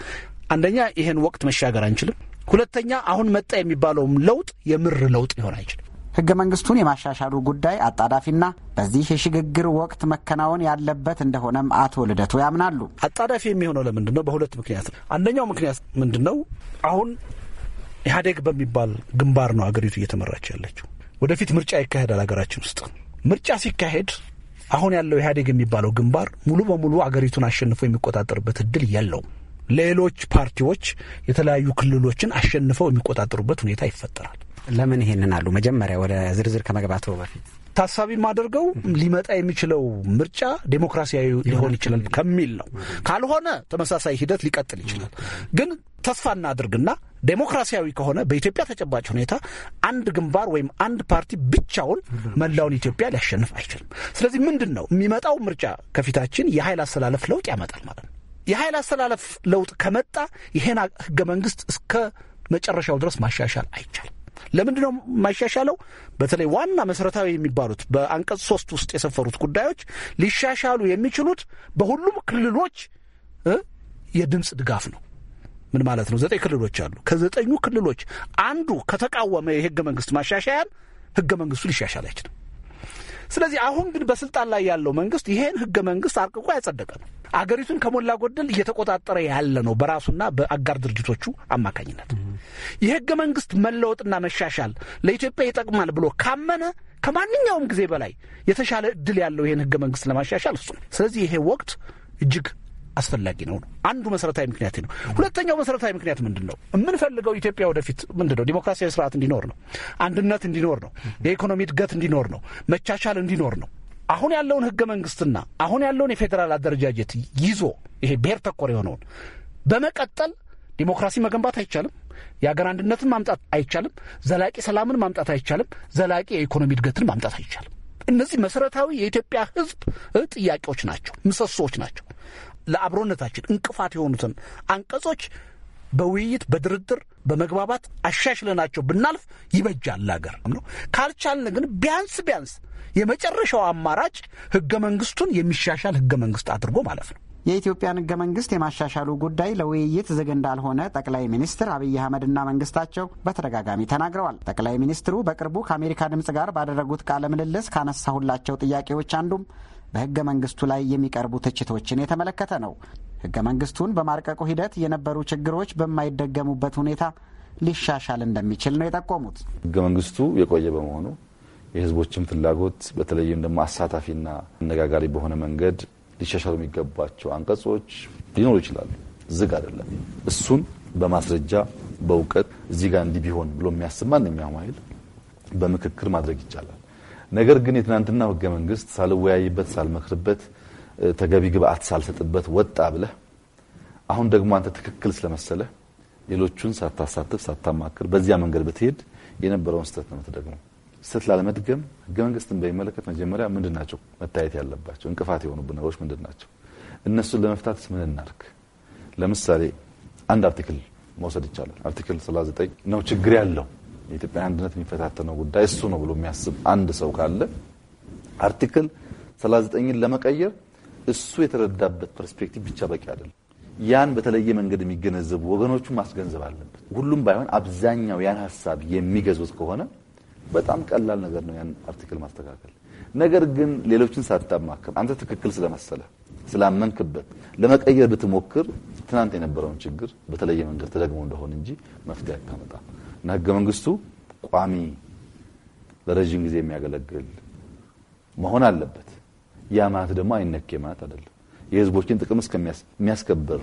አንደኛ ይሄን ወቅት መሻገር አንችልም። ሁለተኛ አሁን መጣ የሚባለውም ለውጥ የምር ለውጥ ሊሆን አይችልም። ህገ መንግስቱን የማሻሻሉ ጉዳይ አጣዳፊና በዚህ የሽግግር ወቅት መከናወን ያለበት እንደሆነም አቶ ልደቱ ያምናሉ። አጣዳፊ የሚሆነው ለምንድን ነው? በሁለት ምክንያት ነው። አንደኛው ምክንያት ምንድን ነው? አሁን ኢህአዴግ በሚባል ግንባር ነው አገሪቱ እየተመራች ያለችው። ወደፊት ምርጫ ይካሄዳል ሀገራችን ውስጥ። ምርጫ ሲካሄድ አሁን ያለው ኢህአዴግ የሚባለው ግንባር ሙሉ በሙሉ አገሪቱን አሸንፎ የሚቆጣጠርበት እድል የለውም። ሌሎች ፓርቲዎች የተለያዩ ክልሎችን አሸንፈው የሚቆጣጠሩበት ሁኔታ ይፈጠራል። ለምን ይሄንን አሉ? መጀመሪያ ወደ ዝርዝር ከመግባቱ በፊት ታሳቢ የማደርገው ሊመጣ የሚችለው ምርጫ ዴሞክራሲያዊ ሊሆን ይችላል ከሚል ነው። ካልሆነ ተመሳሳይ ሂደት ሊቀጥል ይችላል። ግን ተስፋ እናድርግና ዴሞክራሲያዊ ከሆነ በኢትዮጵያ ተጨባጭ ሁኔታ አንድ ግንባር ወይም አንድ ፓርቲ ብቻውን መላውን ኢትዮጵያ ሊያሸንፍ አይችልም። ስለዚህ ምንድን ነው የሚመጣው ምርጫ ከፊታችን የኃይል አስተላለፍ ለውጥ ያመጣል ማለት ነው። የኃይል አስተላለፍ ለውጥ ከመጣ ይሄን ህገ መንግስት እስከ መጨረሻው ድረስ ማሻሻል አይቻልም። ለምንድን ነው የማይሻሻለው? በተለይ ዋና መሰረታዊ የሚባሉት በአንቀጽ ሶስት ውስጥ የሰፈሩት ጉዳዮች ሊሻሻሉ የሚችሉት በሁሉም ክልሎች የድምፅ ድጋፍ ነው። ምን ማለት ነው? ዘጠኝ ክልሎች አሉ። ከዘጠኙ ክልሎች አንዱ ከተቃወመ የህገ መንግስት ማሻሻያን ህገ መንግስቱ ሊሻሻል አይችልም። ስለዚህ አሁን ግን በስልጣን ላይ ያለው መንግስት ይሄን ህገ መንግስት አርቅቆ ያጸደቀ ነው። አገሪቱን ከሞላ ጎደል እየተቆጣጠረ ያለ ነው በራሱና በአጋር ድርጅቶቹ አማካኝነት። የህገ መንግስት መለወጥና መሻሻል ለኢትዮጵያ ይጠቅማል ብሎ ካመነ ከማንኛውም ጊዜ በላይ የተሻለ እድል ያለው ይህን ህገ መንግስት ለማሻሻል እሱ ነው። ስለዚህ ይሄ ወቅት እጅግ አስፈላጊ ነው። አንዱ መሰረታዊ ምክንያት ነው። ሁለተኛው መሰረታዊ ምክንያት ምንድን ነው? የምንፈልገው ኢትዮጵያ ወደፊት ምንድን ነው? ዲሞክራሲያዊ ስርዓት እንዲኖር ነው። አንድነት እንዲኖር ነው። የኢኮኖሚ እድገት እንዲኖር ነው። መቻቻል እንዲኖር ነው። አሁን ያለውን ህገ መንግስትና አሁን ያለውን የፌዴራል አደረጃጀት ይዞ ይሄ ብሔር ተኮር የሆነውን በመቀጠል ዲሞክራሲ መገንባት አይቻልም። የአገር አንድነትን ማምጣት አይቻልም። ዘላቂ ሰላምን ማምጣት አይቻልም። ዘላቂ የኢኮኖሚ እድገትን ማምጣት አይቻልም። እነዚህ መሰረታዊ የኢትዮጵያ ህዝብ ጥያቄዎች ናቸው፣ ምሰሶዎች ናቸው። ለአብሮነታችን እንቅፋት የሆኑትን አንቀጾች በውይይት በድርድር በመግባባት አሻሽለናቸው ብናልፍ ይበጃል ለአገር ነው። ካልቻልን ግን ቢያንስ ቢያንስ የመጨረሻው አማራጭ ህገ መንግስቱን የሚሻሻል ህገ መንግስት አድርጎ ማለት ነው። የኢትዮጵያን ህገ መንግስት የማሻሻሉ ጉዳይ ለውይይት ዝግ እንዳልሆነ ጠቅላይ ሚኒስትር አብይ አህመድና መንግስታቸው በተደጋጋሚ ተናግረዋል። ጠቅላይ ሚኒስትሩ በቅርቡ ከአሜሪካ ድምፅ ጋር ባደረጉት ቃለ ምልልስ ካነሳሁላቸው ጥያቄዎች አንዱም በህገ መንግስቱ ላይ የሚቀርቡ ትችቶችን የተመለከተ ነው። ህገ መንግስቱን በማርቀቁ ሂደት የነበሩ ችግሮች በማይደገሙበት ሁኔታ ሊሻሻል እንደሚችል ነው የጠቆሙት። ህገ መንግስቱ የቆየ በመሆኑ የህዝቦችን ፍላጎት በተለይም ደግሞ አሳታፊና አነጋጋሪ በሆነ መንገድ ሊሻሻሉ የሚገባቸው አንቀጾች ሊኖሩ ይችላሉ። ዝግ አይደለም። እሱን በማስረጃ በእውቀት እዚህ ጋር እንዲህ ቢሆን ብሎ የሚያስብ ማንኛውም ኃይል በምክክር ማድረግ ይቻላል። ነገር ግን የትናንትና ህገ መንግስት ሳልወያይበት ሳልመክርበት ተገቢ ግብአት ሳልሰጥበት ወጣ ብለህ አሁን ደግሞ አንተ ትክክል ስለመሰለ ሌሎቹን ሳታሳትፍ ሳታማክር በዚያ መንገድ ብትሄድ የነበረውን ስህተት ነው ተደግሞ ስህተት ላለመድገም ህገ መንግስትን በሚመለከት መጀመሪያ ምንድን ናቸው መታየት ያለባቸው እንቅፋት የሆኑብን ነገሮች ምንድን ናቸው? እነሱን ለመፍታትስ ምን እናድርግ? ለምሳሌ አንድ አርቲክል መውሰድ ይቻላል። አርቲክል 39 ነው ችግር ያለው የኢትዮጵያ አንድነት የሚፈታተነው ጉዳይ እሱ ነው ብሎ የሚያስብ አንድ ሰው ካለ አርቲክል 39ን ለመቀየር እሱ የተረዳበት ፐርስፔክቲቭ ብቻ በቂ አይደለም። ያን በተለየ መንገድ የሚገነዘቡ ወገኖቹ ማስገንዘብ አለበት። ሁሉም ባይሆን አብዛኛው ያን ሀሳብ የሚገዙት ከሆነ በጣም ቀላል ነገር ነው ያን አርቲክል ማስተካከል። ነገር ግን ሌሎችን ሳታማከም አንተ ትክክል ስለመሰለ ስላመንክበት ለመቀየር ብትሞክር ትናንት የነበረውን ችግር በተለየ መንገድ ተደግሞ እንደሆነ እንጂ መፍትሄ አታመጣም። እና ህገ መንግስቱ ቋሚ ለረዥም ጊዜ የሚያገለግል መሆን አለበት። ያ ማለት ደግሞ አይነኬ ማለት አይደለም። የህዝቦችን ጥቅም እስከሚያስከብር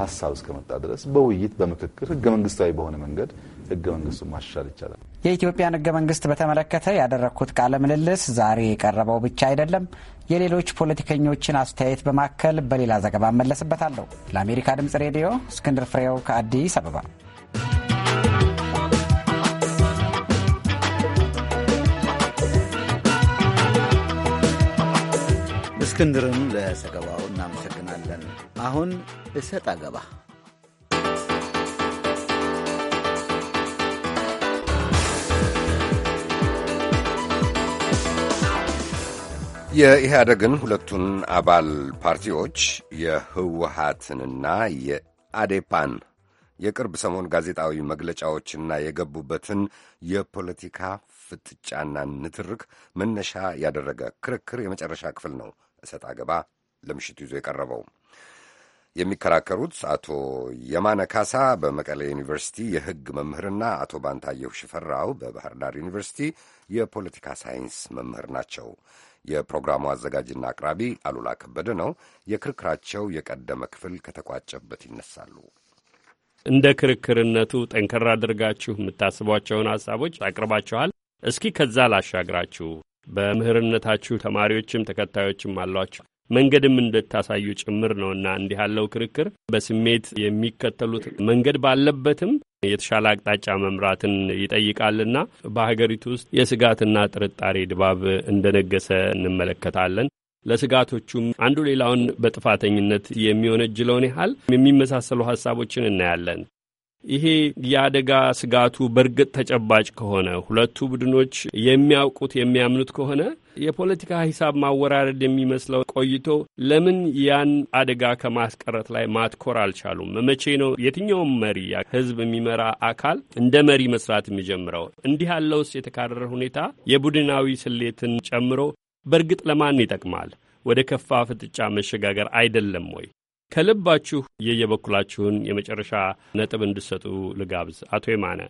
ሀሳብ እስከመጣ ድረስ በውይይት በምክክር ህገ መንግስታዊ በሆነ መንገድ ህገ መንግስቱ ማሻሻል ይቻላል። የኢትዮጵያን ህገ መንግስት በተመለከተ ያደረግኩት ቃለ ምልልስ ዛሬ የቀረበው ብቻ አይደለም። የሌሎች ፖለቲከኞችን አስተያየት በማከል በሌላ ዘገባ እመለስበታለሁ። ለአሜሪካ ድምጽ ሬዲዮ እስክንድር ፍሬው ከአዲስ አበባ እስክንድርን ለዘገባው እናመሰግናለን። አሁን እሰጥ አገባ የኢህአደግን ሁለቱን አባል ፓርቲዎች የህወሀትንና የአዴፓን የቅርብ ሰሞን ጋዜጣዊ መግለጫዎችና የገቡበትን የፖለቲካ ፍጥጫና ንትርክ መነሻ ያደረገ ክርክር የመጨረሻ ክፍል ነው እሰጥ አገባ ለምሽቱ ይዞ የቀረበው። የሚከራከሩት አቶ የማነ ካሳ በመቀለ ዩኒቨርሲቲ የሕግ መምህርና አቶ ባንታየሁ ሽፈራው በባህር ዳር ዩኒቨርሲቲ የፖለቲካ ሳይንስ መምህር ናቸው። የፕሮግራሙ አዘጋጅና አቅራቢ አሉላ ከበደ ነው። የክርክራቸው የቀደመ ክፍል ከተቋጨበት ይነሳሉ። እንደ ክርክርነቱ ጠንከር አድርጋችሁ የምታስቧቸውን ሀሳቦች አቅርባችኋል። እስኪ ከዛ ላሻግራችሁ በምህርነታችሁ ተማሪዎችም ተከታዮችም አሏችሁ መንገድም እንድታሳዩ ጭምር ነውና እንዲህ ያለው ክርክር በስሜት የሚከተሉት መንገድ ባለበትም የተሻለ አቅጣጫ መምራትን ይጠይቃልና በሀገሪቱ ውስጥ የስጋትና ጥርጣሬ ድባብ እንደነገሰ እንመለከታለን። ለስጋቶቹም አንዱ ሌላውን በጥፋተኝነት የሚወነጅለውን ያህል የሚመሳሰሉ ሀሳቦችን እናያለን። ይሄ የአደጋ ስጋቱ በእርግጥ ተጨባጭ ከሆነ ሁለቱ ቡድኖች የሚያውቁት የሚያምኑት ከሆነ የፖለቲካ ሂሳብ ማወራረድ የሚመስለው ቆይቶ ለምን ያን አደጋ ከማስቀረት ላይ ማትኮር አልቻሉም? መቼ ነው የትኛውም መሪ ህዝብ የሚመራ አካል እንደ መሪ መስራት የሚጀምረው? እንዲህ ያለውስ የተካረረ ሁኔታ የቡድናዊ ስሌትን ጨምሮ በእርግጥ ለማን ይጠቅማል? ወደ ከፋ ፍጥጫ መሸጋገር አይደለም ወይ? ከልባችሁ የየበኩላችሁን የመጨረሻ ነጥብ እንድሰጡ ልጋብዝ። አቶ የማነ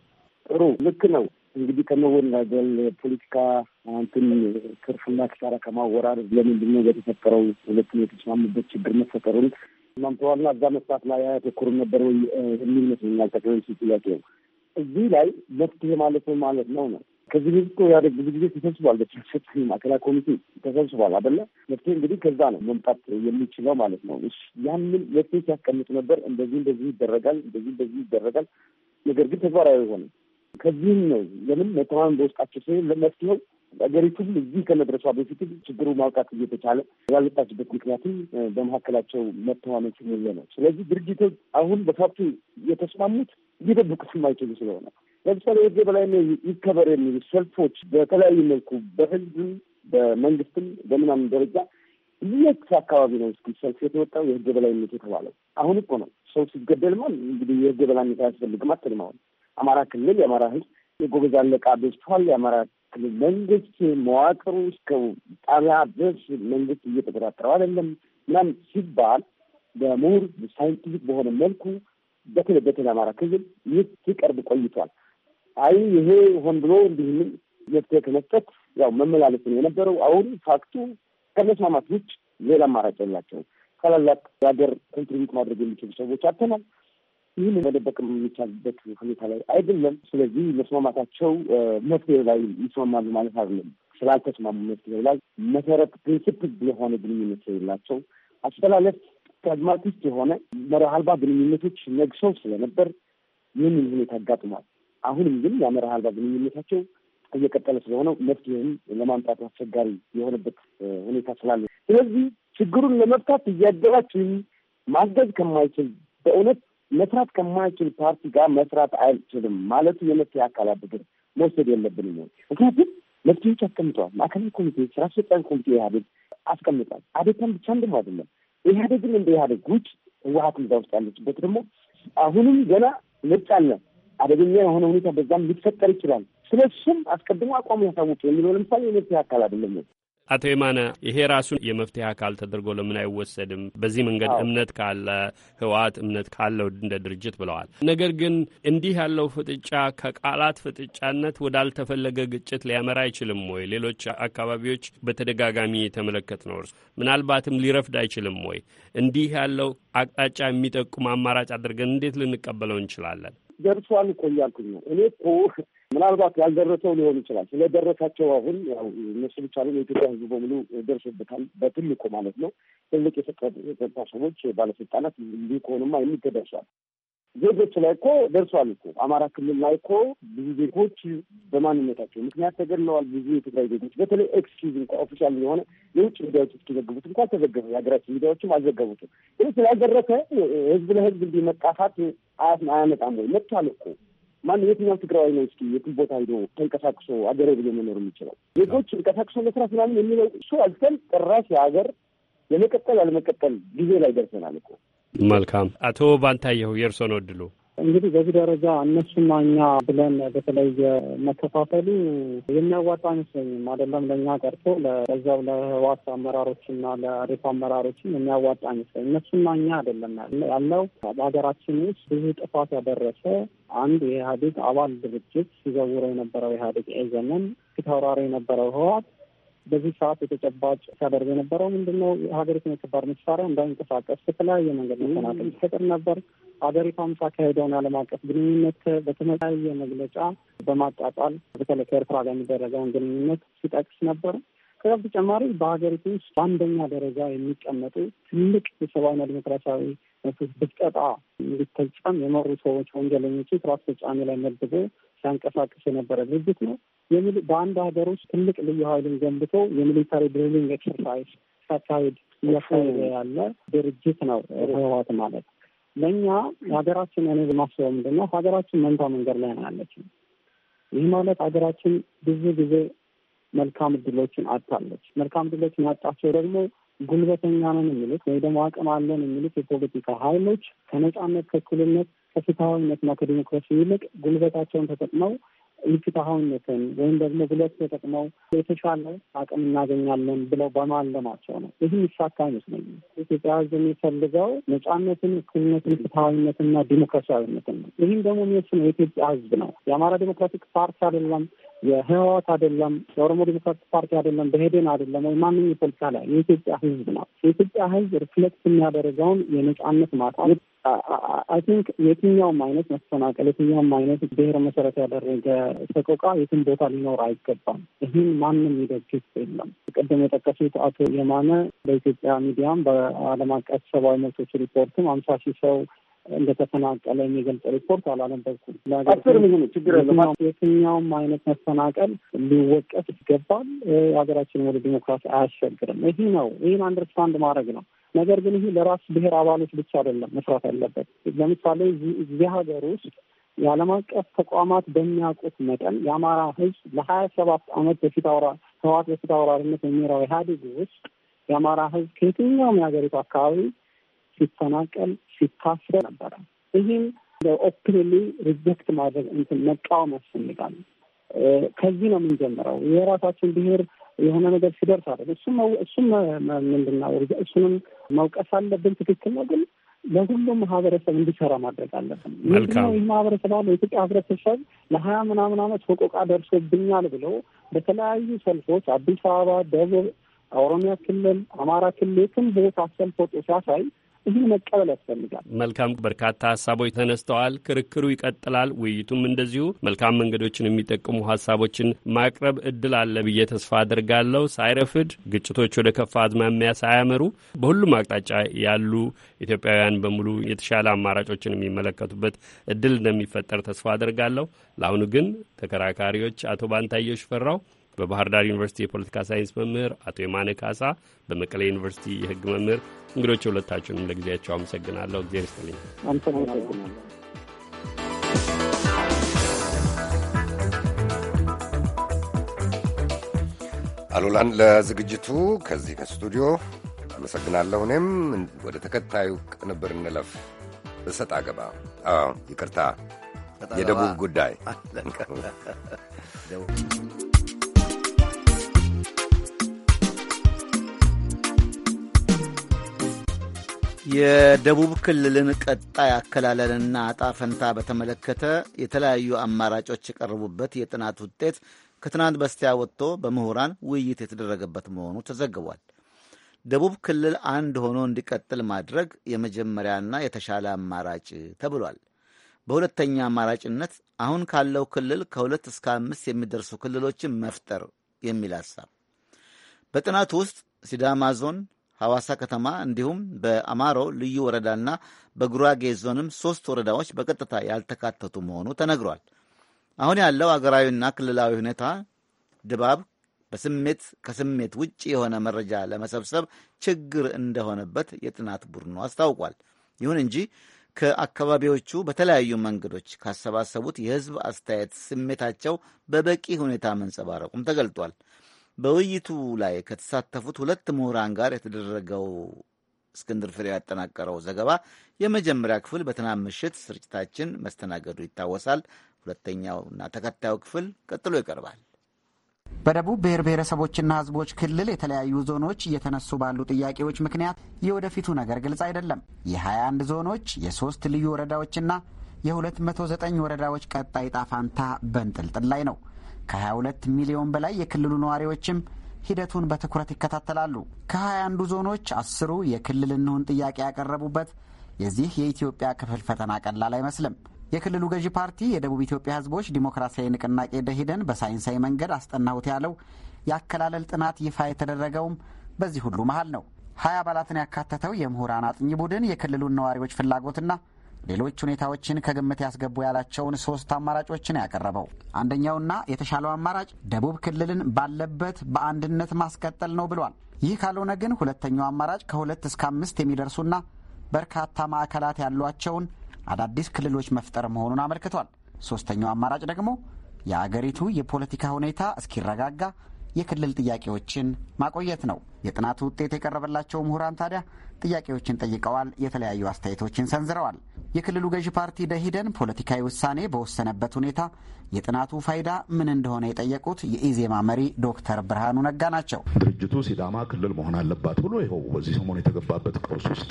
ጥሩ ልክ ነው። እንግዲህ ከመወናገል ፖለቲካ አንትን ትርፍና ኪሳራ ከማወራረድ ለምንድን ነው በተፈጠረው ሁለቱም የተስማሙበት ችግር መፈጠሩን ማምተዋልና እዛ መስራት ላይ አያተኩርም ነበር ወይ የሚል ይመስለኛል። ጠቅላይ ነው። እዚህ ላይ መፍትሄ ማለት ነው ማለት ነው ነው ከዚህ በፊት እኮ ኢህአዴግ ብዙ ጊዜ ተሰብስቧል። በተሰብስብ ማዕከላዊ ኮሚቴ ተሰብስቧል አደለ? መፍትሄ እንግዲህ ከዛ ነው መምጣት የሚችለው ማለት ነው። ያንን መፍትሄ ሲያስቀምጡ ነበር። እንደዚህ እንደዚህ ይደረጋል፣ እንደዚህ እንደዚህ ይደረጋል። ነገር ግን ተግባራዊ አይሆንም። ከዚህም ነው ለምን መተማመን በውስጣቸው ሲሆን ለመፍትሄው ሀገሪቱም እዚህ ከመድረሷ በፊት ችግሩ ማውቃት እየተቻለ ያልወጣችበት ምክንያቱም በመካከላቸው መተማመን ስለሌለ ነው። ስለዚህ ድርጅቶች አሁን በፋብቱ የተስማሙት ሊደብቁ የማይችሉ ስለሆነ ለምሳሌ የህግ የበላይነት ይከበር የሚሉ ሰልፎች በተለያዩ መልኩ በህዝብም በመንግስትም በምናምን ደረጃ የት አካባቢ ነው እስኪ ሰልፍ የተወጣው የህግ የበላይነት የተባለው? አሁን እኮ ነው ሰው ሲገደልማ እንግዲህ የህግ የበላይነት አያስፈልግም አትልም። አሁን አማራ ክልል የአማራ ህዝብ የጎበዝ አለቃ በዝቷል። የአማራ ክልል መንግስት መዋቅሩ እስከ ጣቢያ ድረስ መንግስት እየተቆጣጠረው አይደለም ምናምን ሲባል በምሁር ሳይንቲፊክ በሆነ መልኩ በተለይ በተለይ አማራ ክልል ይህ ሲቀርብ ቆይቷል። አይ ይሄ ሆን ብሎ እንዲህም መፍትሄ ከመስጠት ያው መመላለስ ነው የነበረው። አሁን ፋክቱ ከመስማማት ውጭ ሌላ አማራጭ የላቸው ታላላቅ የሀገር ኮንትሪቢዩት ማድረግ የሚችሉ ሰዎች አተናል። ይህን መደበቅ የሚቻልበት ሁኔታ ላይ አይደለም። ስለዚህ መስማማታቸው መፍትሄ ላይ ይስማማሉ ማለት አይደለም። ስላልተስማሙ መፍትሄ ላይ መሰረት ፕሪንስፕል የሆነ ግንኙነት የላቸው አስተላለፍ ፕራግማቲስት የሆነ መርህ አልባ ግንኙነቶች ነግሰው ስለነበር ይህንን ሁኔታ አጋጥሟል። አሁንም ግን የአመራ አልባ ግንኙነታቸው እየቀጠለ ስለሆነ መፍትሄም ለማምጣት አስቸጋሪ የሆነበት ሁኔታ ስላለ፣ ስለዚህ ችግሩን ለመፍታት እያደራችን ማገዝ ከማይችል በእውነት መስራት ከማይችል ፓርቲ ጋር መስራት አይችልም ማለቱ የመፍትሄ አካል አድርገን መውሰድ የለብንም። ምክንያቱም መፍትሄዎች አስቀምጠዋል። ማዕከላዊ ኮሚቴ፣ ስራ አስፈጻሚ ኮሚቴ ኢህአዴግ አስቀምጧል። አዴታን ብቻ እንደም አይደለም። ኢህአዴግን እንደ ኢህአዴግ ውጭ ህወሀት እዛ ውስጥ ያለችበት ደግሞ አሁንም ገና ምርጫ አለ አደገኛ የሆነ ሁኔታ በዛም ሊፈጠር ይችላል። ስለሱም አስቀድሞ አቋሙ ያሳውቅ የሚለው ለምሳሌ የመፍትሄ አካል አይደለም። አቶ የማነ ይሄ ራሱን የመፍትሄ አካል ተደርጎ ለምን አይወሰድም? በዚህ መንገድ እምነት ካለ ህወሓት እምነት ካለው እንደ ድርጅት ብለዋል። ነገር ግን እንዲህ ያለው ፍጥጫ ከቃላት ፍጥጫነት ወዳልተፈለገ ግጭት ሊያመራ አይችልም ወይ? ሌሎች አካባቢዎች በተደጋጋሚ የተመለከት ነው። እርሱ ምናልባትም ሊረፍድ አይችልም ወይ? እንዲህ ያለው አቅጣጫ የሚጠቁም አማራጭ አድርገን እንዴት ልንቀበለው እንችላለን? ደርሷል እኮ እያልኩኝ ነው። እኔ እኮ ምናልባት ያልደረሰው ሊሆን ይችላል። ስለደረሳቸው አሁን ያው እነሱ ብቻ ነው፣ የኢትዮጵያ ሕዝብ በሙሉ ደርሶበታል፣ በትልቁ ማለት ነው። ትልቅ የሰጠ ሰዎች ባለስልጣናት ሊሆንማ የሚገደርሷል ዜጎች ላይ እኮ ደርሷል እኮ አማራ ክልል ላይ እኮ ብዙ ዜጎች በማንነታቸው ምክንያት ተገድለዋል። ብዙ የትግራይ ዜጎች በተለይ ኤክስኪዝ እንኳ ኦፊሻል የሆነ የውጭ ሚዲያዎች እስኪዘግቡት እንኳ አልተዘገበ። የሀገራችን ሚዲያዎችም አልዘገቡትም። ግን ስላልደረሰ ህዝብ ለህዝብ እንዲህ መጣፋት አያመጣም ወይ? መጥቷል እኮ ማን የትኛው ትግራዊ ነው እስኪ የትም ቦታ ሂዶ ተንቀሳቅሶ አገሬ ብሎ መኖር የሚችለው ዜጎች እንቀሳቅሶ መስራት ምናምን የሚለው እሱ አልተን ጭራሽ የሀገር የመቀጠል አለመቀጠል ጊዜ ላይ ደርሰናል እኮ መልካም አቶ ባንታየሁ የእርስዎን ወድሉ እንግዲህ በዚህ ደረጃ እነሱና እኛ ብለን በተለየ መከፋፈሉ የሚያዋጣ አይመስለኝም። አይደለም ለእኛ ቀርቶ ለዛው ለህዋት አመራሮችና ለሪፍ አመራሮችም የሚያዋጣ አይመስለኝ። እነሱና እኛ አይደለም ያለው በሀገራችን ውስጥ ብዙ ጥፋት ያደረሰ አንድ የኢህአዴግ አባል ድርጅት ሲዘውረው የነበረው ኢህአዴግ ኤ ዘመን ሲተወራሪ የነበረው ህዋት በዚህ ሰዓት የተጨባጭ ሲያደርግ የነበረው ምንድነው? ሀገሪቱን የከባድ መሳሪያ እንዳይንቀሳቀስ በተለያየ መንገድ መሰናክል ሲፈጥር ነበር። ሀገሪቷም ታካሄደውን ዓለም አቀፍ ግንኙነት በተለያየ መግለጫ በማጣጣል በተለይ ከኤርትራ ጋር የሚደረገውን ግንኙነት ሲጠቅስ ነበር። ከዛ በተጨማሪ በሀገሪቱ ውስጥ በአንደኛ ደረጃ የሚቀመጡ ትልቅ የሰብአዊና ዲሞክራሲያዊ መብቶች ብጠጣ እንዲፈጸም የመሩ ሰዎች ወንጀለኞች ስራ አስፈጻሚ ላይ መድቦ ሲያንቀሳቀስ የነበረ ድርጅት ነው። በአንድ ሀገር ውስጥ ትልቅ ልዩ ኃይልን ገንብቶ የሚሊታሪ ድሪሊንግ ኤክሰርሳይዝ ሲያካሄድ እያካሄደ ያለ ድርጅት ነው ህወሓት ማለት ለእኛ ሀገራችን እኔ ማስበው ምንድን ነው ሀገራችን መንታ መንገድ ላይ ነው ያለችው። ይህ ማለት ሀገራችን ብዙ ጊዜ መልካም እድሎችን አጥታለች። መልካም እድሎችን ያጣቸው ደግሞ ጉልበተኛ ነን የሚሉት ወይ ደግሞ አቅም አለን የሚሉት የፖለቲካ ሀይሎች ከነጻነት ከእኩልነት ከፍትሐዊነትና ከዲሞክራሲ ይልቅ ጉልበታቸውን ተጠቅመው ኢፍትሐዊነትን ወይም ደግሞ ጉልበት ተጠቅመው የተሻለ አቅም እናገኛለን ብለው በማለማቸው ነው። ይህ ይሳካ አይመስለኝም። ኢትዮጵያ ሕዝብ የሚፈልገው ነጻነትን፣ እኩልነትን፣ ፍትሐዊነትንና ዲሞክራሲያዊነትን ነው። ይህም ደግሞ የሚወስነው የኢትዮጵያ ሕዝብ ነው። የአማራ ዲሞክራቲክ ፓርቲ አይደለም። የህወሓት አይደለም፣ የኦሮሞ ዴሞክራቲክ ፓርቲ አይደለም፣ በሄደን አይደለም ወይ ማንኛውም የፖለቲካ ላይ የኢትዮጵያ ህዝብ ነው። የኢትዮጵያ ህዝብ ሪፍሌክት የሚያደርገውን የነጻነት ማታ አይ ቲንክ የትኛውም አይነት መፈናቀል፣ የትኛውም አይነት ብሔር መሰረት ያደረገ ሰቆቃ የትም ቦታ ሊኖር አይገባም። ይህን ማንም ይደግፍ የለም። ቅድም የጠቀሱት አቶ የማነ በኢትዮጵያ ሚዲያም በዓለም አቀፍ ሰብአዊ መብቶች ሪፖርትም አምሳ ሺህ ሰው እንደተፈናቀለ የሚገልጽ ሪፖርት አላነበብኩም። አስር ሚሆኑ ችግር የትኛውም አይነት መፈናቀል ሊወቀስ ይገባል። ሀገራችን ወደ ዲሞክራሲ አያስቸግርም። ይህ ነው ይህን አንደርስታንድ ማድረግ ነው። ነገር ግን ይህ ለራስ ብሔር አባሎች ብቻ አይደለም መስራት ያለበት። ለምሳሌ እዚህ ሀገር ውስጥ የዓለም አቀፍ ተቋማት በሚያውቁት መጠን የአማራ ህዝብ ለሀያ ሰባት ዓመት በፊት አውራ ህወሓት በፊት አውራርነት የሚመራው ኢህአዴግ ውስጥ የአማራ ህዝብ ከየትኛውም የሀገሪቱ አካባቢ ሲፈናቀል፣ ሲታስረ ነበረ። ይህም ኦፕንሊ ሪጀክት ማድረግ እንትን መቃወም ያስፈልጋል። ከዚህ ነው የምንጀምረው። የራሳችን ብሔር የሆነ ነገር ሲደርስ አለ እሱም ምንድን ነው እሱንም መውቀስ አለብን። ትክክል ነው ግን ለሁሉም ማህበረሰብ እንዲሰራ ማድረግ አለብን። ምንድነው ይህ ማህበረሰብ አለ የኢትዮጵያ ህብረተሰብ ለሀያ ምናምን አመት ሰቆቃ ደርሶብኛል ብሎ በተለያዩ ሰልፎች አዲስ አበባ፣ ደቡብ፣ ኦሮሚያ ክልል፣ አማራ ክልል የትም ቦታ ሰልፍ ወጥቶ ሲያሳይ ይህን መቀበል ያስፈልጋል። መልካም፣ በርካታ ሀሳቦች ተነስተዋል። ክርክሩ ይቀጥላል። ውይይቱም እንደዚሁ መልካም መንገዶችን የሚጠቅሙ ሀሳቦችን ማቅረብ እድል አለ ብዬ ተስፋ አድርጋለሁ። ሳይረፍድ ግጭቶች ወደ ከፋ አዝማሚያ ሳያመሩ በሁሉም አቅጣጫ ያሉ ኢትዮጵያውያን በሙሉ የተሻለ አማራጮችን የሚመለከቱበት እድል እንደሚፈጠር ተስፋ አድርጋለሁ። ለአሁኑ ግን ተከራካሪዎች አቶ ባንታየሽ ፈራው በባህር ዳር ዩኒቨርሲቲ የፖለቲካ ሳይንስ መምህር አቶ የማነ ካሳ፣ በመቀሌ ዩኒቨርሲቲ የህግ መምህር እንግዶች፣ ሁለታችሁንም ለጊዜያቸው አመሰግናለሁ። እግዜር ይስጥልኝ። አሉላን ለዝግጅቱ ከዚህ ከስቱዲዮ አመሰግናለሁ። እኔም ወደ ተከታዩ ቅንብር እንለፍ። እሰጥ አገባ ይቅርታ፣ የደቡብ ጉዳይ የደቡብ ክልልን ቀጣይ አከላለልና አጣ ፈንታ በተመለከተ የተለያዩ አማራጮች የቀረቡበት የጥናት ውጤት ከትናንት በስቲያ ወጥቶ በምሁራን ውይይት የተደረገበት መሆኑ ተዘግቧል። ደቡብ ክልል አንድ ሆኖ እንዲቀጥል ማድረግ የመጀመሪያና የተሻለ አማራጭ ተብሏል። በሁለተኛ አማራጭነት አሁን ካለው ክልል ከሁለት እስከ አምስት የሚደርሱ ክልሎችን መፍጠር የሚል ሐሳብ በጥናቱ ውስጥ ሲዳማ ዞን ሐዋሳ ከተማ እንዲሁም በአማሮ ልዩ ወረዳና በጉራጌ ዞንም ሶስት ወረዳዎች በቀጥታ ያልተካተቱ መሆኑ ተነግሯል። አሁን ያለው አገራዊና ክልላዊ ሁኔታ ድባብ በስሜት ከስሜት ውጭ የሆነ መረጃ ለመሰብሰብ ችግር እንደሆነበት የጥናት ቡድኑ አስታውቋል። ይሁን እንጂ ከአካባቢዎቹ በተለያዩ መንገዶች ካሰባሰቡት የሕዝብ አስተያየት ስሜታቸው በበቂ ሁኔታ መንጸባረቁም ተገልጧል። በውይይቱ ላይ ከተሳተፉት ሁለት ምሁራን ጋር የተደረገው እስክንድር ፍሬው ያጠናቀረው ዘገባ የመጀመሪያ ክፍል በትናንት ምሽት ስርጭታችን መስተናገዱ ይታወሳል። ሁለተኛውና ተከታዩ ክፍል ቀጥሎ ይቀርባል። በደቡብ ብሔር ብሔረሰቦችና ሕዝቦች ክልል የተለያዩ ዞኖች እየተነሱ ባሉ ጥያቄዎች ምክንያት የወደፊቱ ነገር ግልጽ አይደለም። የ21 ዞኖች የሶስት ልዩ ወረዳዎችና የ209 ወረዳዎች ቀጣይ ጣፋንታ በንጥልጥል ላይ ነው። ከ22 ሚሊዮን በላይ የክልሉ ነዋሪዎችም ሂደቱን በትኩረት ይከታተላሉ። ከሀያ አንዱ ዞኖች አስሩ የክልል እንሁን ጥያቄ ያቀረቡበት የዚህ የኢትዮጵያ ክፍል ፈተና ቀላል አይመስልም። የክልሉ ገዢ ፓርቲ የደቡብ ኢትዮጵያ ሕዝቦች ዲሞክራሲያዊ ንቅናቄ ደሂደን በሳይንሳዊ መንገድ አስጠናሁት ያለው የአከላለል ጥናት ይፋ የተደረገውም በዚህ ሁሉ መሀል ነው። ሀያ አባላትን ያካተተው የምሁራን አጥኚ ቡድን የክልሉን ነዋሪዎች ፍላጎትና ሌሎች ሁኔታዎችን ከግምት ያስገቡ ያላቸውን ሶስት አማራጮችን ያቀረበው አንደኛውና የተሻለው አማራጭ ደቡብ ክልልን ባለበት በአንድነት ማስቀጠል ነው ብሏል። ይህ ካልሆነ ግን ሁለተኛው አማራጭ ከሁለት እስከ አምስት የሚደርሱና በርካታ ማዕከላት ያሏቸውን አዳዲስ ክልሎች መፍጠር መሆኑን አመልክቷል። ሶስተኛው አማራጭ ደግሞ የአገሪቱ የፖለቲካ ሁኔታ እስኪረጋጋ የክልል ጥያቄዎችን ማቆየት ነው። የጥናቱ ውጤት የቀረበላቸው ምሁራን ታዲያ ጥያቄዎችን ጠይቀዋል። የተለያዩ አስተያየቶችን ሰንዝረዋል። የክልሉ ገዢ ፓርቲ ደሂደን ፖለቲካዊ ውሳኔ በወሰነበት ሁኔታ የጥናቱ ፋይዳ ምን እንደሆነ የጠየቁት የኢዜማ መሪ ዶክተር ብርሃኑ ነጋ ናቸው። ድርጅቱ ሲዳማ ክልል መሆን አለባት ብሎ ይኸው በዚህ ሰሞን የተገባበት ቀውስ ውስጥ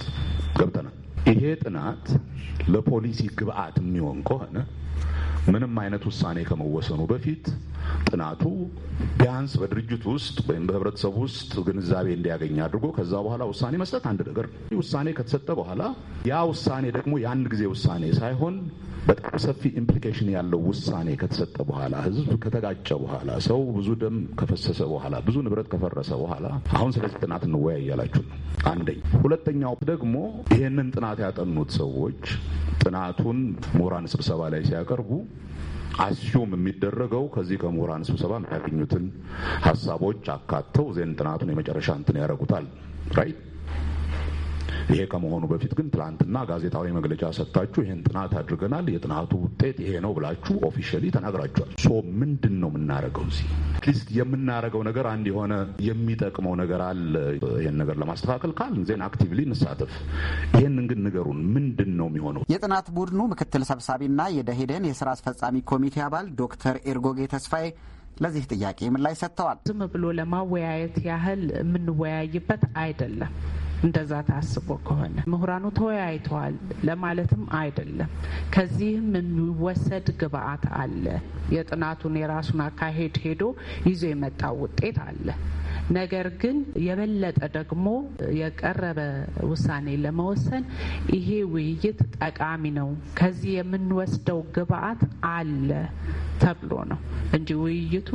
ገብተናል። ይሄ ጥናት ለፖሊሲ ግብዓት የሚሆን ከሆነ ምንም አይነት ውሳኔ ከመወሰኑ በፊት ጥናቱ ቢያንስ በድርጅት ውስጥ ወይም በህብረተሰቡ ውስጥ ግንዛቤ እንዲያገኝ አድርጎ ከዛ በኋላ ውሳኔ መስጠት አንድ ነገር ነው። ውሳኔ ከተሰጠ በኋላ ያ ውሳኔ ደግሞ የአንድ ጊዜ ውሳኔ ሳይሆን በጣም ሰፊ ኢምፕሊኬሽን ያለው ውሳኔ ከተሰጠ በኋላ ህዝብ ከተጋጨ በኋላ ሰው ብዙ ደም ከፈሰሰ በኋላ ብዙ ንብረት ከፈረሰ በኋላ አሁን ስለዚህ ጥናት እንወያይ ያላችሁ ነው። አንደኛ። ሁለተኛው ደግሞ ይህንን ጥናት ያጠኑት ሰዎች ጥናቱን ምሁራን ስብሰባ ላይ ሲያቀርቡ አሲዩም የሚደረገው ከዚህ ከምሁራን ስብሰባ የሚያገኙትን ሀሳቦች አካተው ዜን ጥናቱን የመጨረሻ እንትን ያደርጉታል ራይት ይሄ ከመሆኑ በፊት ግን ትላንትና ጋዜጣዊ መግለጫ ሰጥታችሁ ይህን ጥናት አድርገናል፣ የጥናቱ ውጤት ይሄ ነው ብላችሁ ኦፊሻሊ ተናግራችኋል። ሶ ምንድን ነው የምናደርገው? እዚህ አትሊስት የምናደርገው ነገር አንድ የሆነ የሚጠቅመው ነገር አለ። ይህን ነገር ለማስተካከል ካል ዜን አክቲቭሊ እንሳተፍ። ይህን ግን ንገሩን፣ ምንድን ነው የሚሆነው? የጥናት ቡድኑ ምክትል ሰብሳቢና የደሄደን የስራ አስፈጻሚ ኮሚቴ አባል ዶክተር ኤርጎጌ ተስፋዬ ለዚህ ጥያቄ ምላሽ ሰጥተዋል። ዝም ብሎ ለማወያየት ያህል የምንወያይበት አይደለም። እንደዛ ታስቦ ከሆነ ምሁራኑ ተወያይተዋል ለማለትም አይደለም። ከዚህም የሚወሰድ ግብአት አለ። የጥናቱን የራሱን አካሄድ ሄዶ ይዞ የመጣው ውጤት አለ። ነገር ግን የበለጠ ደግሞ የቀረበ ውሳኔ ለመወሰን ይሄ ውይይት ጠቃሚ ነው፣ ከዚህ የምንወስደው ግብአት አለ ተብሎ ነው እንጂ ውይይቱ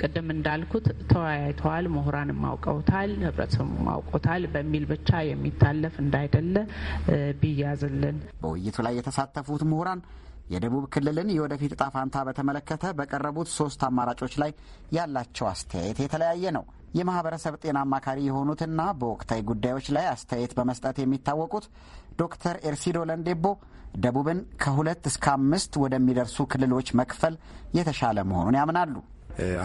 ቅድም እንዳልኩት ተወያይተዋል፣ ምሁራንም አውቀውታል፣ ህብረተሰቡም አውቀውታል በሚል ብቻ የሚታለፍ እንዳይደለ ቢያዝልን። በውይይቱ ላይ የተሳተፉት ምሁራን የደቡብ ክልልን የወደፊት እጣ ፋንታ በተመለከተ በቀረቡት ሶስት አማራጮች ላይ ያላቸው አስተያየት የተለያየ ነው። የማህበረሰብ ጤና አማካሪ የሆኑትና በወቅታዊ ጉዳዮች ላይ አስተያየት በመስጠት የሚታወቁት ዶክተር ኤርሲዶ ለንዴቦ ደቡብን ከሁለት እስከ አምስት ወደሚደርሱ ክልሎች መክፈል የተሻለ መሆኑን ያምናሉ።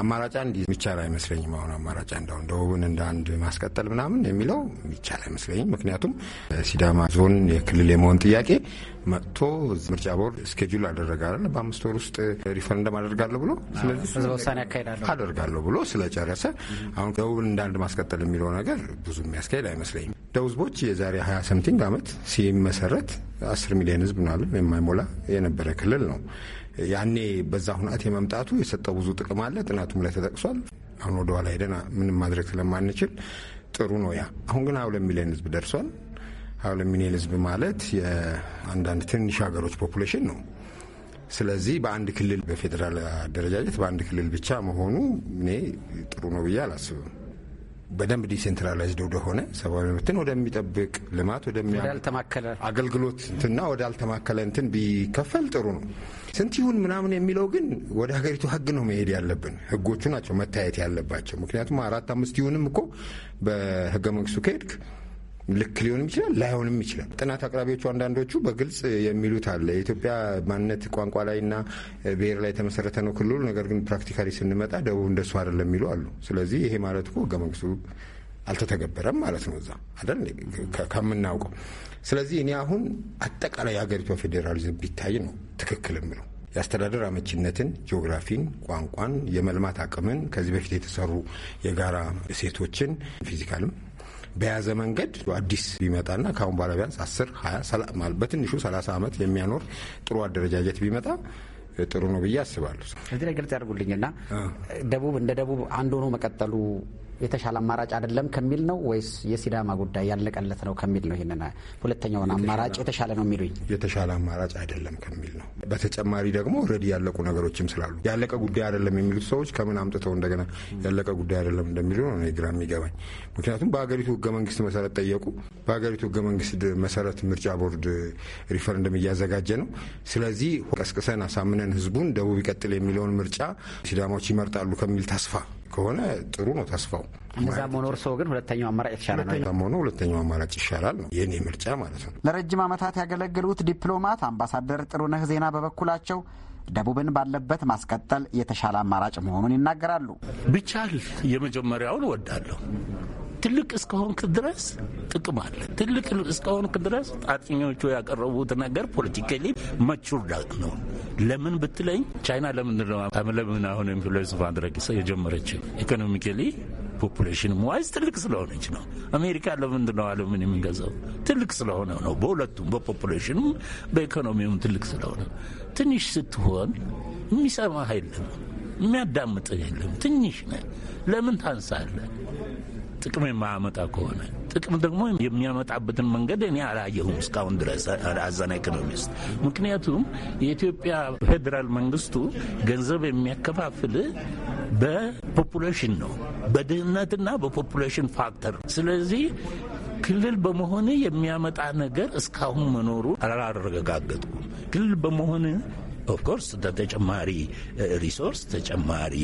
አማራጭ አንድ የሚቻል አይመስለኝም። አሁን አማራጭ አንድ አሁን ደቡብን እንደ አንድ ማስቀጠል ምናምን የሚለው የሚቻል አይመስለኝም። ምክንያቱም ሲዳማ ዞን የክልል የመሆን ጥያቄ መጥቶ ምርጫ ቦርድ እስኬጁል አለ በአምስት ወር ውስጥ ሪፈረንደም አደርጋለሁ ብሎ ስለዚህ ውሳኔ አደርጋለሁ ብሎ ስለጨረሰ አሁን ደቡብን እንደ አንድ ማስቀጠል የሚለው ነገር ብዙ የሚያስካሄድ አይመስለኝም። ደቡብ ህዝቦች የዛሬ ሀያ ሰምቲንግ ዓመት ሲመሰረት አስር ሚሊዮን ህዝብ ምናምን የማይሞላ የነበረ ክልል ነው። ያኔ በዛ ሁናት የመምጣቱ የሰጠው ብዙ ጥቅም አለ። ጥናቱም ላይ ተጠቅሷል። አሁን ወደኋላ ሄደን ምንም ማድረግ ስለማንችል ጥሩ ነው ያ። አሁን ግን ሀውለ ሚሊዮን ህዝብ ደርሷል። ሀውለ ሚሊዮን ህዝብ ማለት የአንዳንድ ትንሽ ሀገሮች ፖፑሌሽን ነው። ስለዚህ በአንድ ክልል በፌዴራል አደረጃጀት በአንድ ክልል ብቻ መሆኑ እኔ ጥሩ ነው ብዬ አላስብም። በደንብ ዲሴንትራላይዝድ ወደሆነ ሰብአዊ መብትን ወደሚጠብቅ ልማት ወደሚያልተማከለ አገልግሎት እንትና ወዳልተማከለ እንትን ቢከፈል ጥሩ ነው። ስንት ይሁን ምናምን የሚለው ግን ወደ ሀገሪቱ ህግ ነው መሄድ ያለብን። ህጎቹ ናቸው መታየት ያለባቸው። ምክንያቱም አራት አምስት ይሁንም እኮ በህገ መንግስቱ ከሄድክ ልክ ሊሆንም ይችላል ላይሆንም ይችላል። ጥናት አቅራቢዎቹ አንዳንዶቹ በግልጽ የሚሉት አለ የኢትዮጵያ ማንነት ቋንቋ ላይና ብሔር ላይ የተመሰረተ ነው ክልሉ። ነገር ግን ፕራክቲካሊ ስንመጣ ደቡብ እንደሱ አይደለም የሚሉ አሉ። ስለዚህ ይሄ ማለት እኮ ህገ መንግስቱ አልተተገበረም ማለት ነው። እዛ አይደል ከምናውቀው። ስለዚህ እኔ አሁን አጠቃላይ የሀገሪቷ ፌዴራሊዝም ቢታይ ነው ትክክልም ነው የአስተዳደር አመቺነትን፣ ጂኦግራፊን፣ ቋንቋን፣ የመልማት አቅምን ከዚህ በፊት የተሰሩ የጋራ እሴቶችን ፊዚካልም በያዘ መንገድ አዲስ ቢመጣና ከአሁን በኋላ ቢያንስ በትንሹ ሰላሳ ዓመት የሚያኖር ጥሩ አደረጃጀት ቢመጣ ጥሩ ነው ብዬ አስባለሁ። እዚህ ላይ ግልጽ ያደርጉልኝና ደቡብ እንደ ደቡብ አንድ ሆኖ መቀጠሉ የተሻለ አማራጭ አይደለም ከሚል ነው ወይስ የሲዳማ ጉዳይ ያለቀለት ነው ከሚል ነው? ይህንን ሁለተኛውን አማራጭ የተሻለ ነው የሚሉኝ የተሻለ አማራጭ አይደለም ከሚል ነው። በተጨማሪ ደግሞ ኦልሬዲ ያለቁ ነገሮችም ስላሉ ያለቀ ጉዳይ አይደለም የሚሉት ሰዎች ከምን አምጥተው እንደገና ያለቀ ጉዳይ አይደለም እንደሚሉ ነው ግራ የሚገባኝ። ምክንያቱም በሀገሪቱ ህገ መንግስት መሰረት ጠየቁ። በሀገሪቱ ህገ መንግስት መሰረት ምርጫ ቦርድ ሪፈረንደም እያዘጋጀ ነው። ስለዚህ ቀስቅሰን አሳምነን ህዝቡን ደቡብ ይቀጥል የሚለውን ምርጫ ሲዳማዎች ይመርጣሉ ከሚል ተስፋ ከሆነ ጥሩ ነው ተስፋው። እንደዛም ሆኖ እርስዎ ግን ሁለተኛው አማራጭ የተሻለ ነው። ሁለተኛም ሆኖ ሁለተኛው አማራጭ ይሻላል ነው የኔ ምርጫ ማለት ነው። ለረጅም ዓመታት ያገለገሉት ዲፕሎማት አምባሳደር ጥሩነህ ዜና በበኩላቸው ደቡብን ባለበት ማስቀጠል የተሻለ አማራጭ መሆኑን ይናገራሉ። ብቻል የመጀመሪያውን እወዳለሁ። ትልቅ እስከሆንክ ድረስ ጥቅም አለ። ትልቅ እስከሆንክ ድረስ ጣጥኞቹ ያቀረቡት ነገር ፖለቲካሊ መቹር ነው። ለምን ብትለኝ ቻይና ለምን ነው ለምን አሁን ኢንፍሉዌንስ ማድረግ የጀመረችው? ኢኮኖሚካሊ ፖፑሌሽን ዋይዝ ትልቅ ስለሆነች ነው። አሜሪካ ለምንድን ነው ዓለምን የሚገዛው? ትልቅ ስለሆነ ነው። በሁለቱም በፖፑሌሽኑም በኢኮኖሚውም ትልቅ ስለሆነ ትንሽ ስትሆን የሚሰማህ የለም፣ የሚያዳምጥህ የለም። ትንሽ ነህ። ለምን ታንሳለህ? ጥቅም የማያመጣ ከሆነ ጥቅም ደግሞ የሚያመጣበትን መንገድ እኔ አላየሁም እስካሁን ድረስ አዛና ኢኮኖሚስት። ምክንያቱም የኢትዮጵያ ፌዴራል መንግስቱ ገንዘብ የሚያከፋፍል በፖፑሌሽን ነው፣ በድህነትና በፖፑሌሽን ፋክተር። ስለዚህ ክልል በመሆን የሚያመጣ ነገር እስካሁን መኖሩ አላረጋገጥኩም። ክልል በመሆን ኦፍኮርስ ተጨማሪ ሪሶርስ ተጨማሪ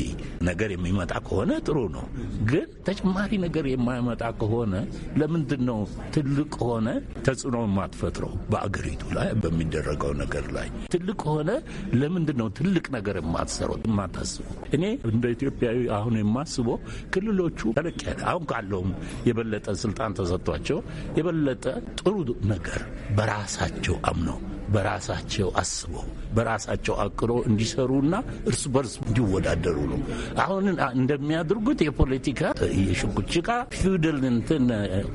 ነገር የሚመጣ ከሆነ ጥሩ ነው። ግን ተጨማሪ ነገር የማይመጣ ከሆነ ለምንድን ነው ትልቅ ሆነ ተጽዕኖ የማትፈጥረው በአገሪቱ ላይ በሚደረገው ነገር ላይ ትልቅ ሆነ ለምንድን ነው ትልቅ ነገር የማትሰሩ የማታስቡ? እኔ እንደ ኢትዮጵያዊ አሁን የማስበው ክልሎቹ ተለቅ ያለ አሁን ካለውም የበለጠ ስልጣን ተሰጥቷቸው የበለጠ ጥሩ ነገር በራሳቸው አምነው በራሳቸው አስበው በራሳቸው አቅሮ እንዲሰሩና እርስ በርስ እንዲወዳደሩ ነው። አሁን እንደሚያደርጉት የፖለቲካ የሽኩችቃ ፊውደል እንትን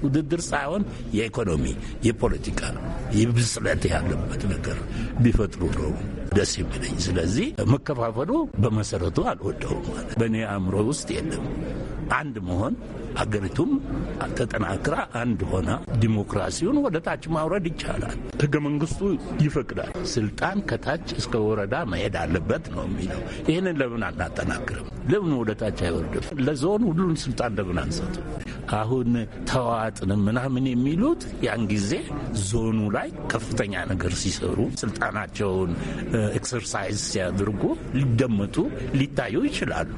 ውድድር ሳይሆን የኢኮኖሚ የፖለቲካ ብስለት ያለበት ነገር ቢፈጥሩ ነው ደስ ይበለኝ። ስለዚህ መከፋፈሉ በመሰረቱ አልወደውም ማለት በእኔ አእምሮ ውስጥ የለም። አንድ መሆን ሀገሪቱም ተጠናክራ አንድ ሆና ዲሞክራሲውን ወደ ታች ማውረድ ይቻላል። ህገ መንግስቱ ይፈቅዳል። ስልጣን ከታች እስከ ወረዳ መሄድ አለበት ነው የሚለው። ይህንን ለምን አናጠናክርም? ለምን ወደ ታች አይወርድም? ለዞን ሁሉን ስልጣን ለምን አንሰጡ? አሁን ተዋጥን ምናምን የሚሉት ያን ጊዜ ዞኑ ላይ ከፍተኛ ነገር ሲሰሩ ስልጣናቸውን ኤክሰርሳይዝ ሲያደርጉ ሊደመጡ ሊታዩ ይችላሉ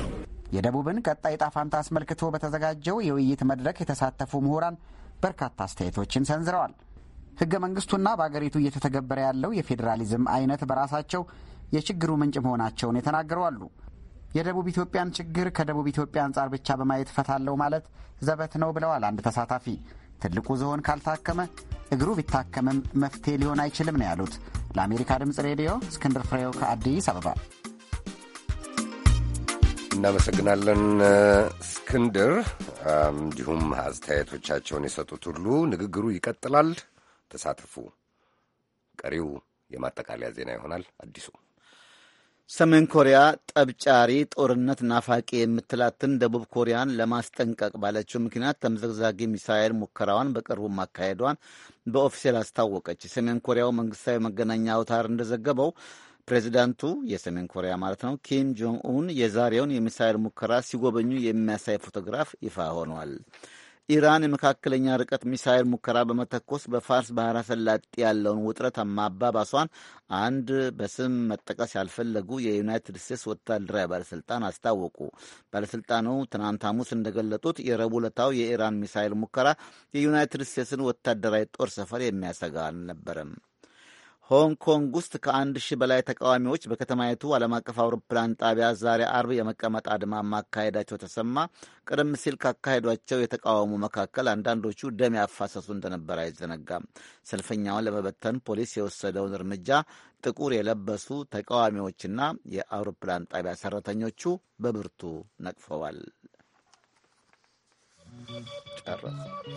ነው የደቡብን ቀጣይ ዕጣ ፈንታ አስመልክቶ በተዘጋጀው የውይይት መድረክ የተሳተፉ ምሁራን በርካታ አስተያየቶችን ሰንዝረዋል። ህገ መንግስቱና በአገሪቱ እየተተገበረ ያለው የፌዴራሊዝም አይነት በራሳቸው የችግሩ ምንጭ መሆናቸውን የተናገሩ አሉ። የደቡብ ኢትዮጵያን ችግር ከደቡብ ኢትዮጵያ አንጻር ብቻ በማየት ፈታለው ማለት ዘበት ነው ብለዋል አንድ ተሳታፊ። ትልቁ ዝሆን ካልታከመ እግሩ ቢታከምም መፍትሄ ሊሆን አይችልም ነው ያሉት። ለአሜሪካ ድምፅ ሬዲዮ እስክንድር ፍሬው ከአዲስ አበባ እናመሰግናለን እስክንድር። እንዲሁም አስተያየቶቻቸውን የሰጡት ሁሉ ንግግሩ ይቀጥላል። ተሳተፉ። ቀሪው የማጠቃለያ ዜና ይሆናል። አዲሱ ሰሜን ኮሪያ ጠብጫሪ ጦርነት ናፋቂ የምትላትን ደቡብ ኮሪያን ለማስጠንቀቅ ባለችው ምክንያት ተምዘግዛጊ ሚሳኤል ሙከራዋን በቅርቡ ማካሄዷን በኦፊሴል አስታወቀች። የሰሜን ኮሪያው መንግስታዊ መገናኛ አውታር እንደዘገበው ፕሬዚዳንቱ የሰሜን ኮሪያ ማለት ነው ኪም ጆንግ ኡን የዛሬውን የሚሳይል ሙከራ ሲጎበኙ የሚያሳይ ፎቶግራፍ ይፋ ሆኗል። ኢራን የመካከለኛ ርቀት ሚሳይል ሙከራ በመተኮስ በፋርስ ባህረ ሰላጤ ያለውን ውጥረት ማባባሷን አንድ በስም መጠቀስ ያልፈለጉ የዩናይትድ ስቴትስ ወታደራዊ ባለስልጣን አስታወቁ። ባለስልጣኑ ትናንት ሐሙስ እንደገለጡት የረቡዕ ዕለታው የኢራን ሚሳይል ሙከራ የዩናይትድ ስቴትስን ወታደራዊ ጦር ሰፈር የሚያሰጋ አልነበረም። ሆንግ ኮንግ ውስጥ ከአንድ ሺህ በላይ ተቃዋሚዎች በከተማይቱ ዓለም አቀፍ አውሮፕላን ጣቢያ ዛሬ አርብ የመቀመጥ አድማ ማካሄዳቸው ተሰማ። ቀደም ሲል ካካሄዷቸው የተቃወሙ መካከል አንዳንዶቹ ደም ያፋሰሱ እንደነበር አይዘነጋም። ሰልፈኛውን ለመበተን ፖሊስ የወሰደውን እርምጃ ጥቁር የለበሱ ተቃዋሚዎችና የአውሮፕላን ጣቢያ ሰራተኞቹ በብርቱ ነቅፈዋል። ጨረሰ።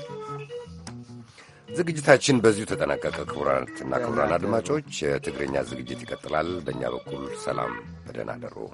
ዝግጅታችን በዚሁ ተጠናቀቀ። ክቡራትና ክቡራን አድማጮች የትግርኛ ዝግጅት ይቀጥላል። በእኛ በኩል ሰላም፣ በደህና አደሩ።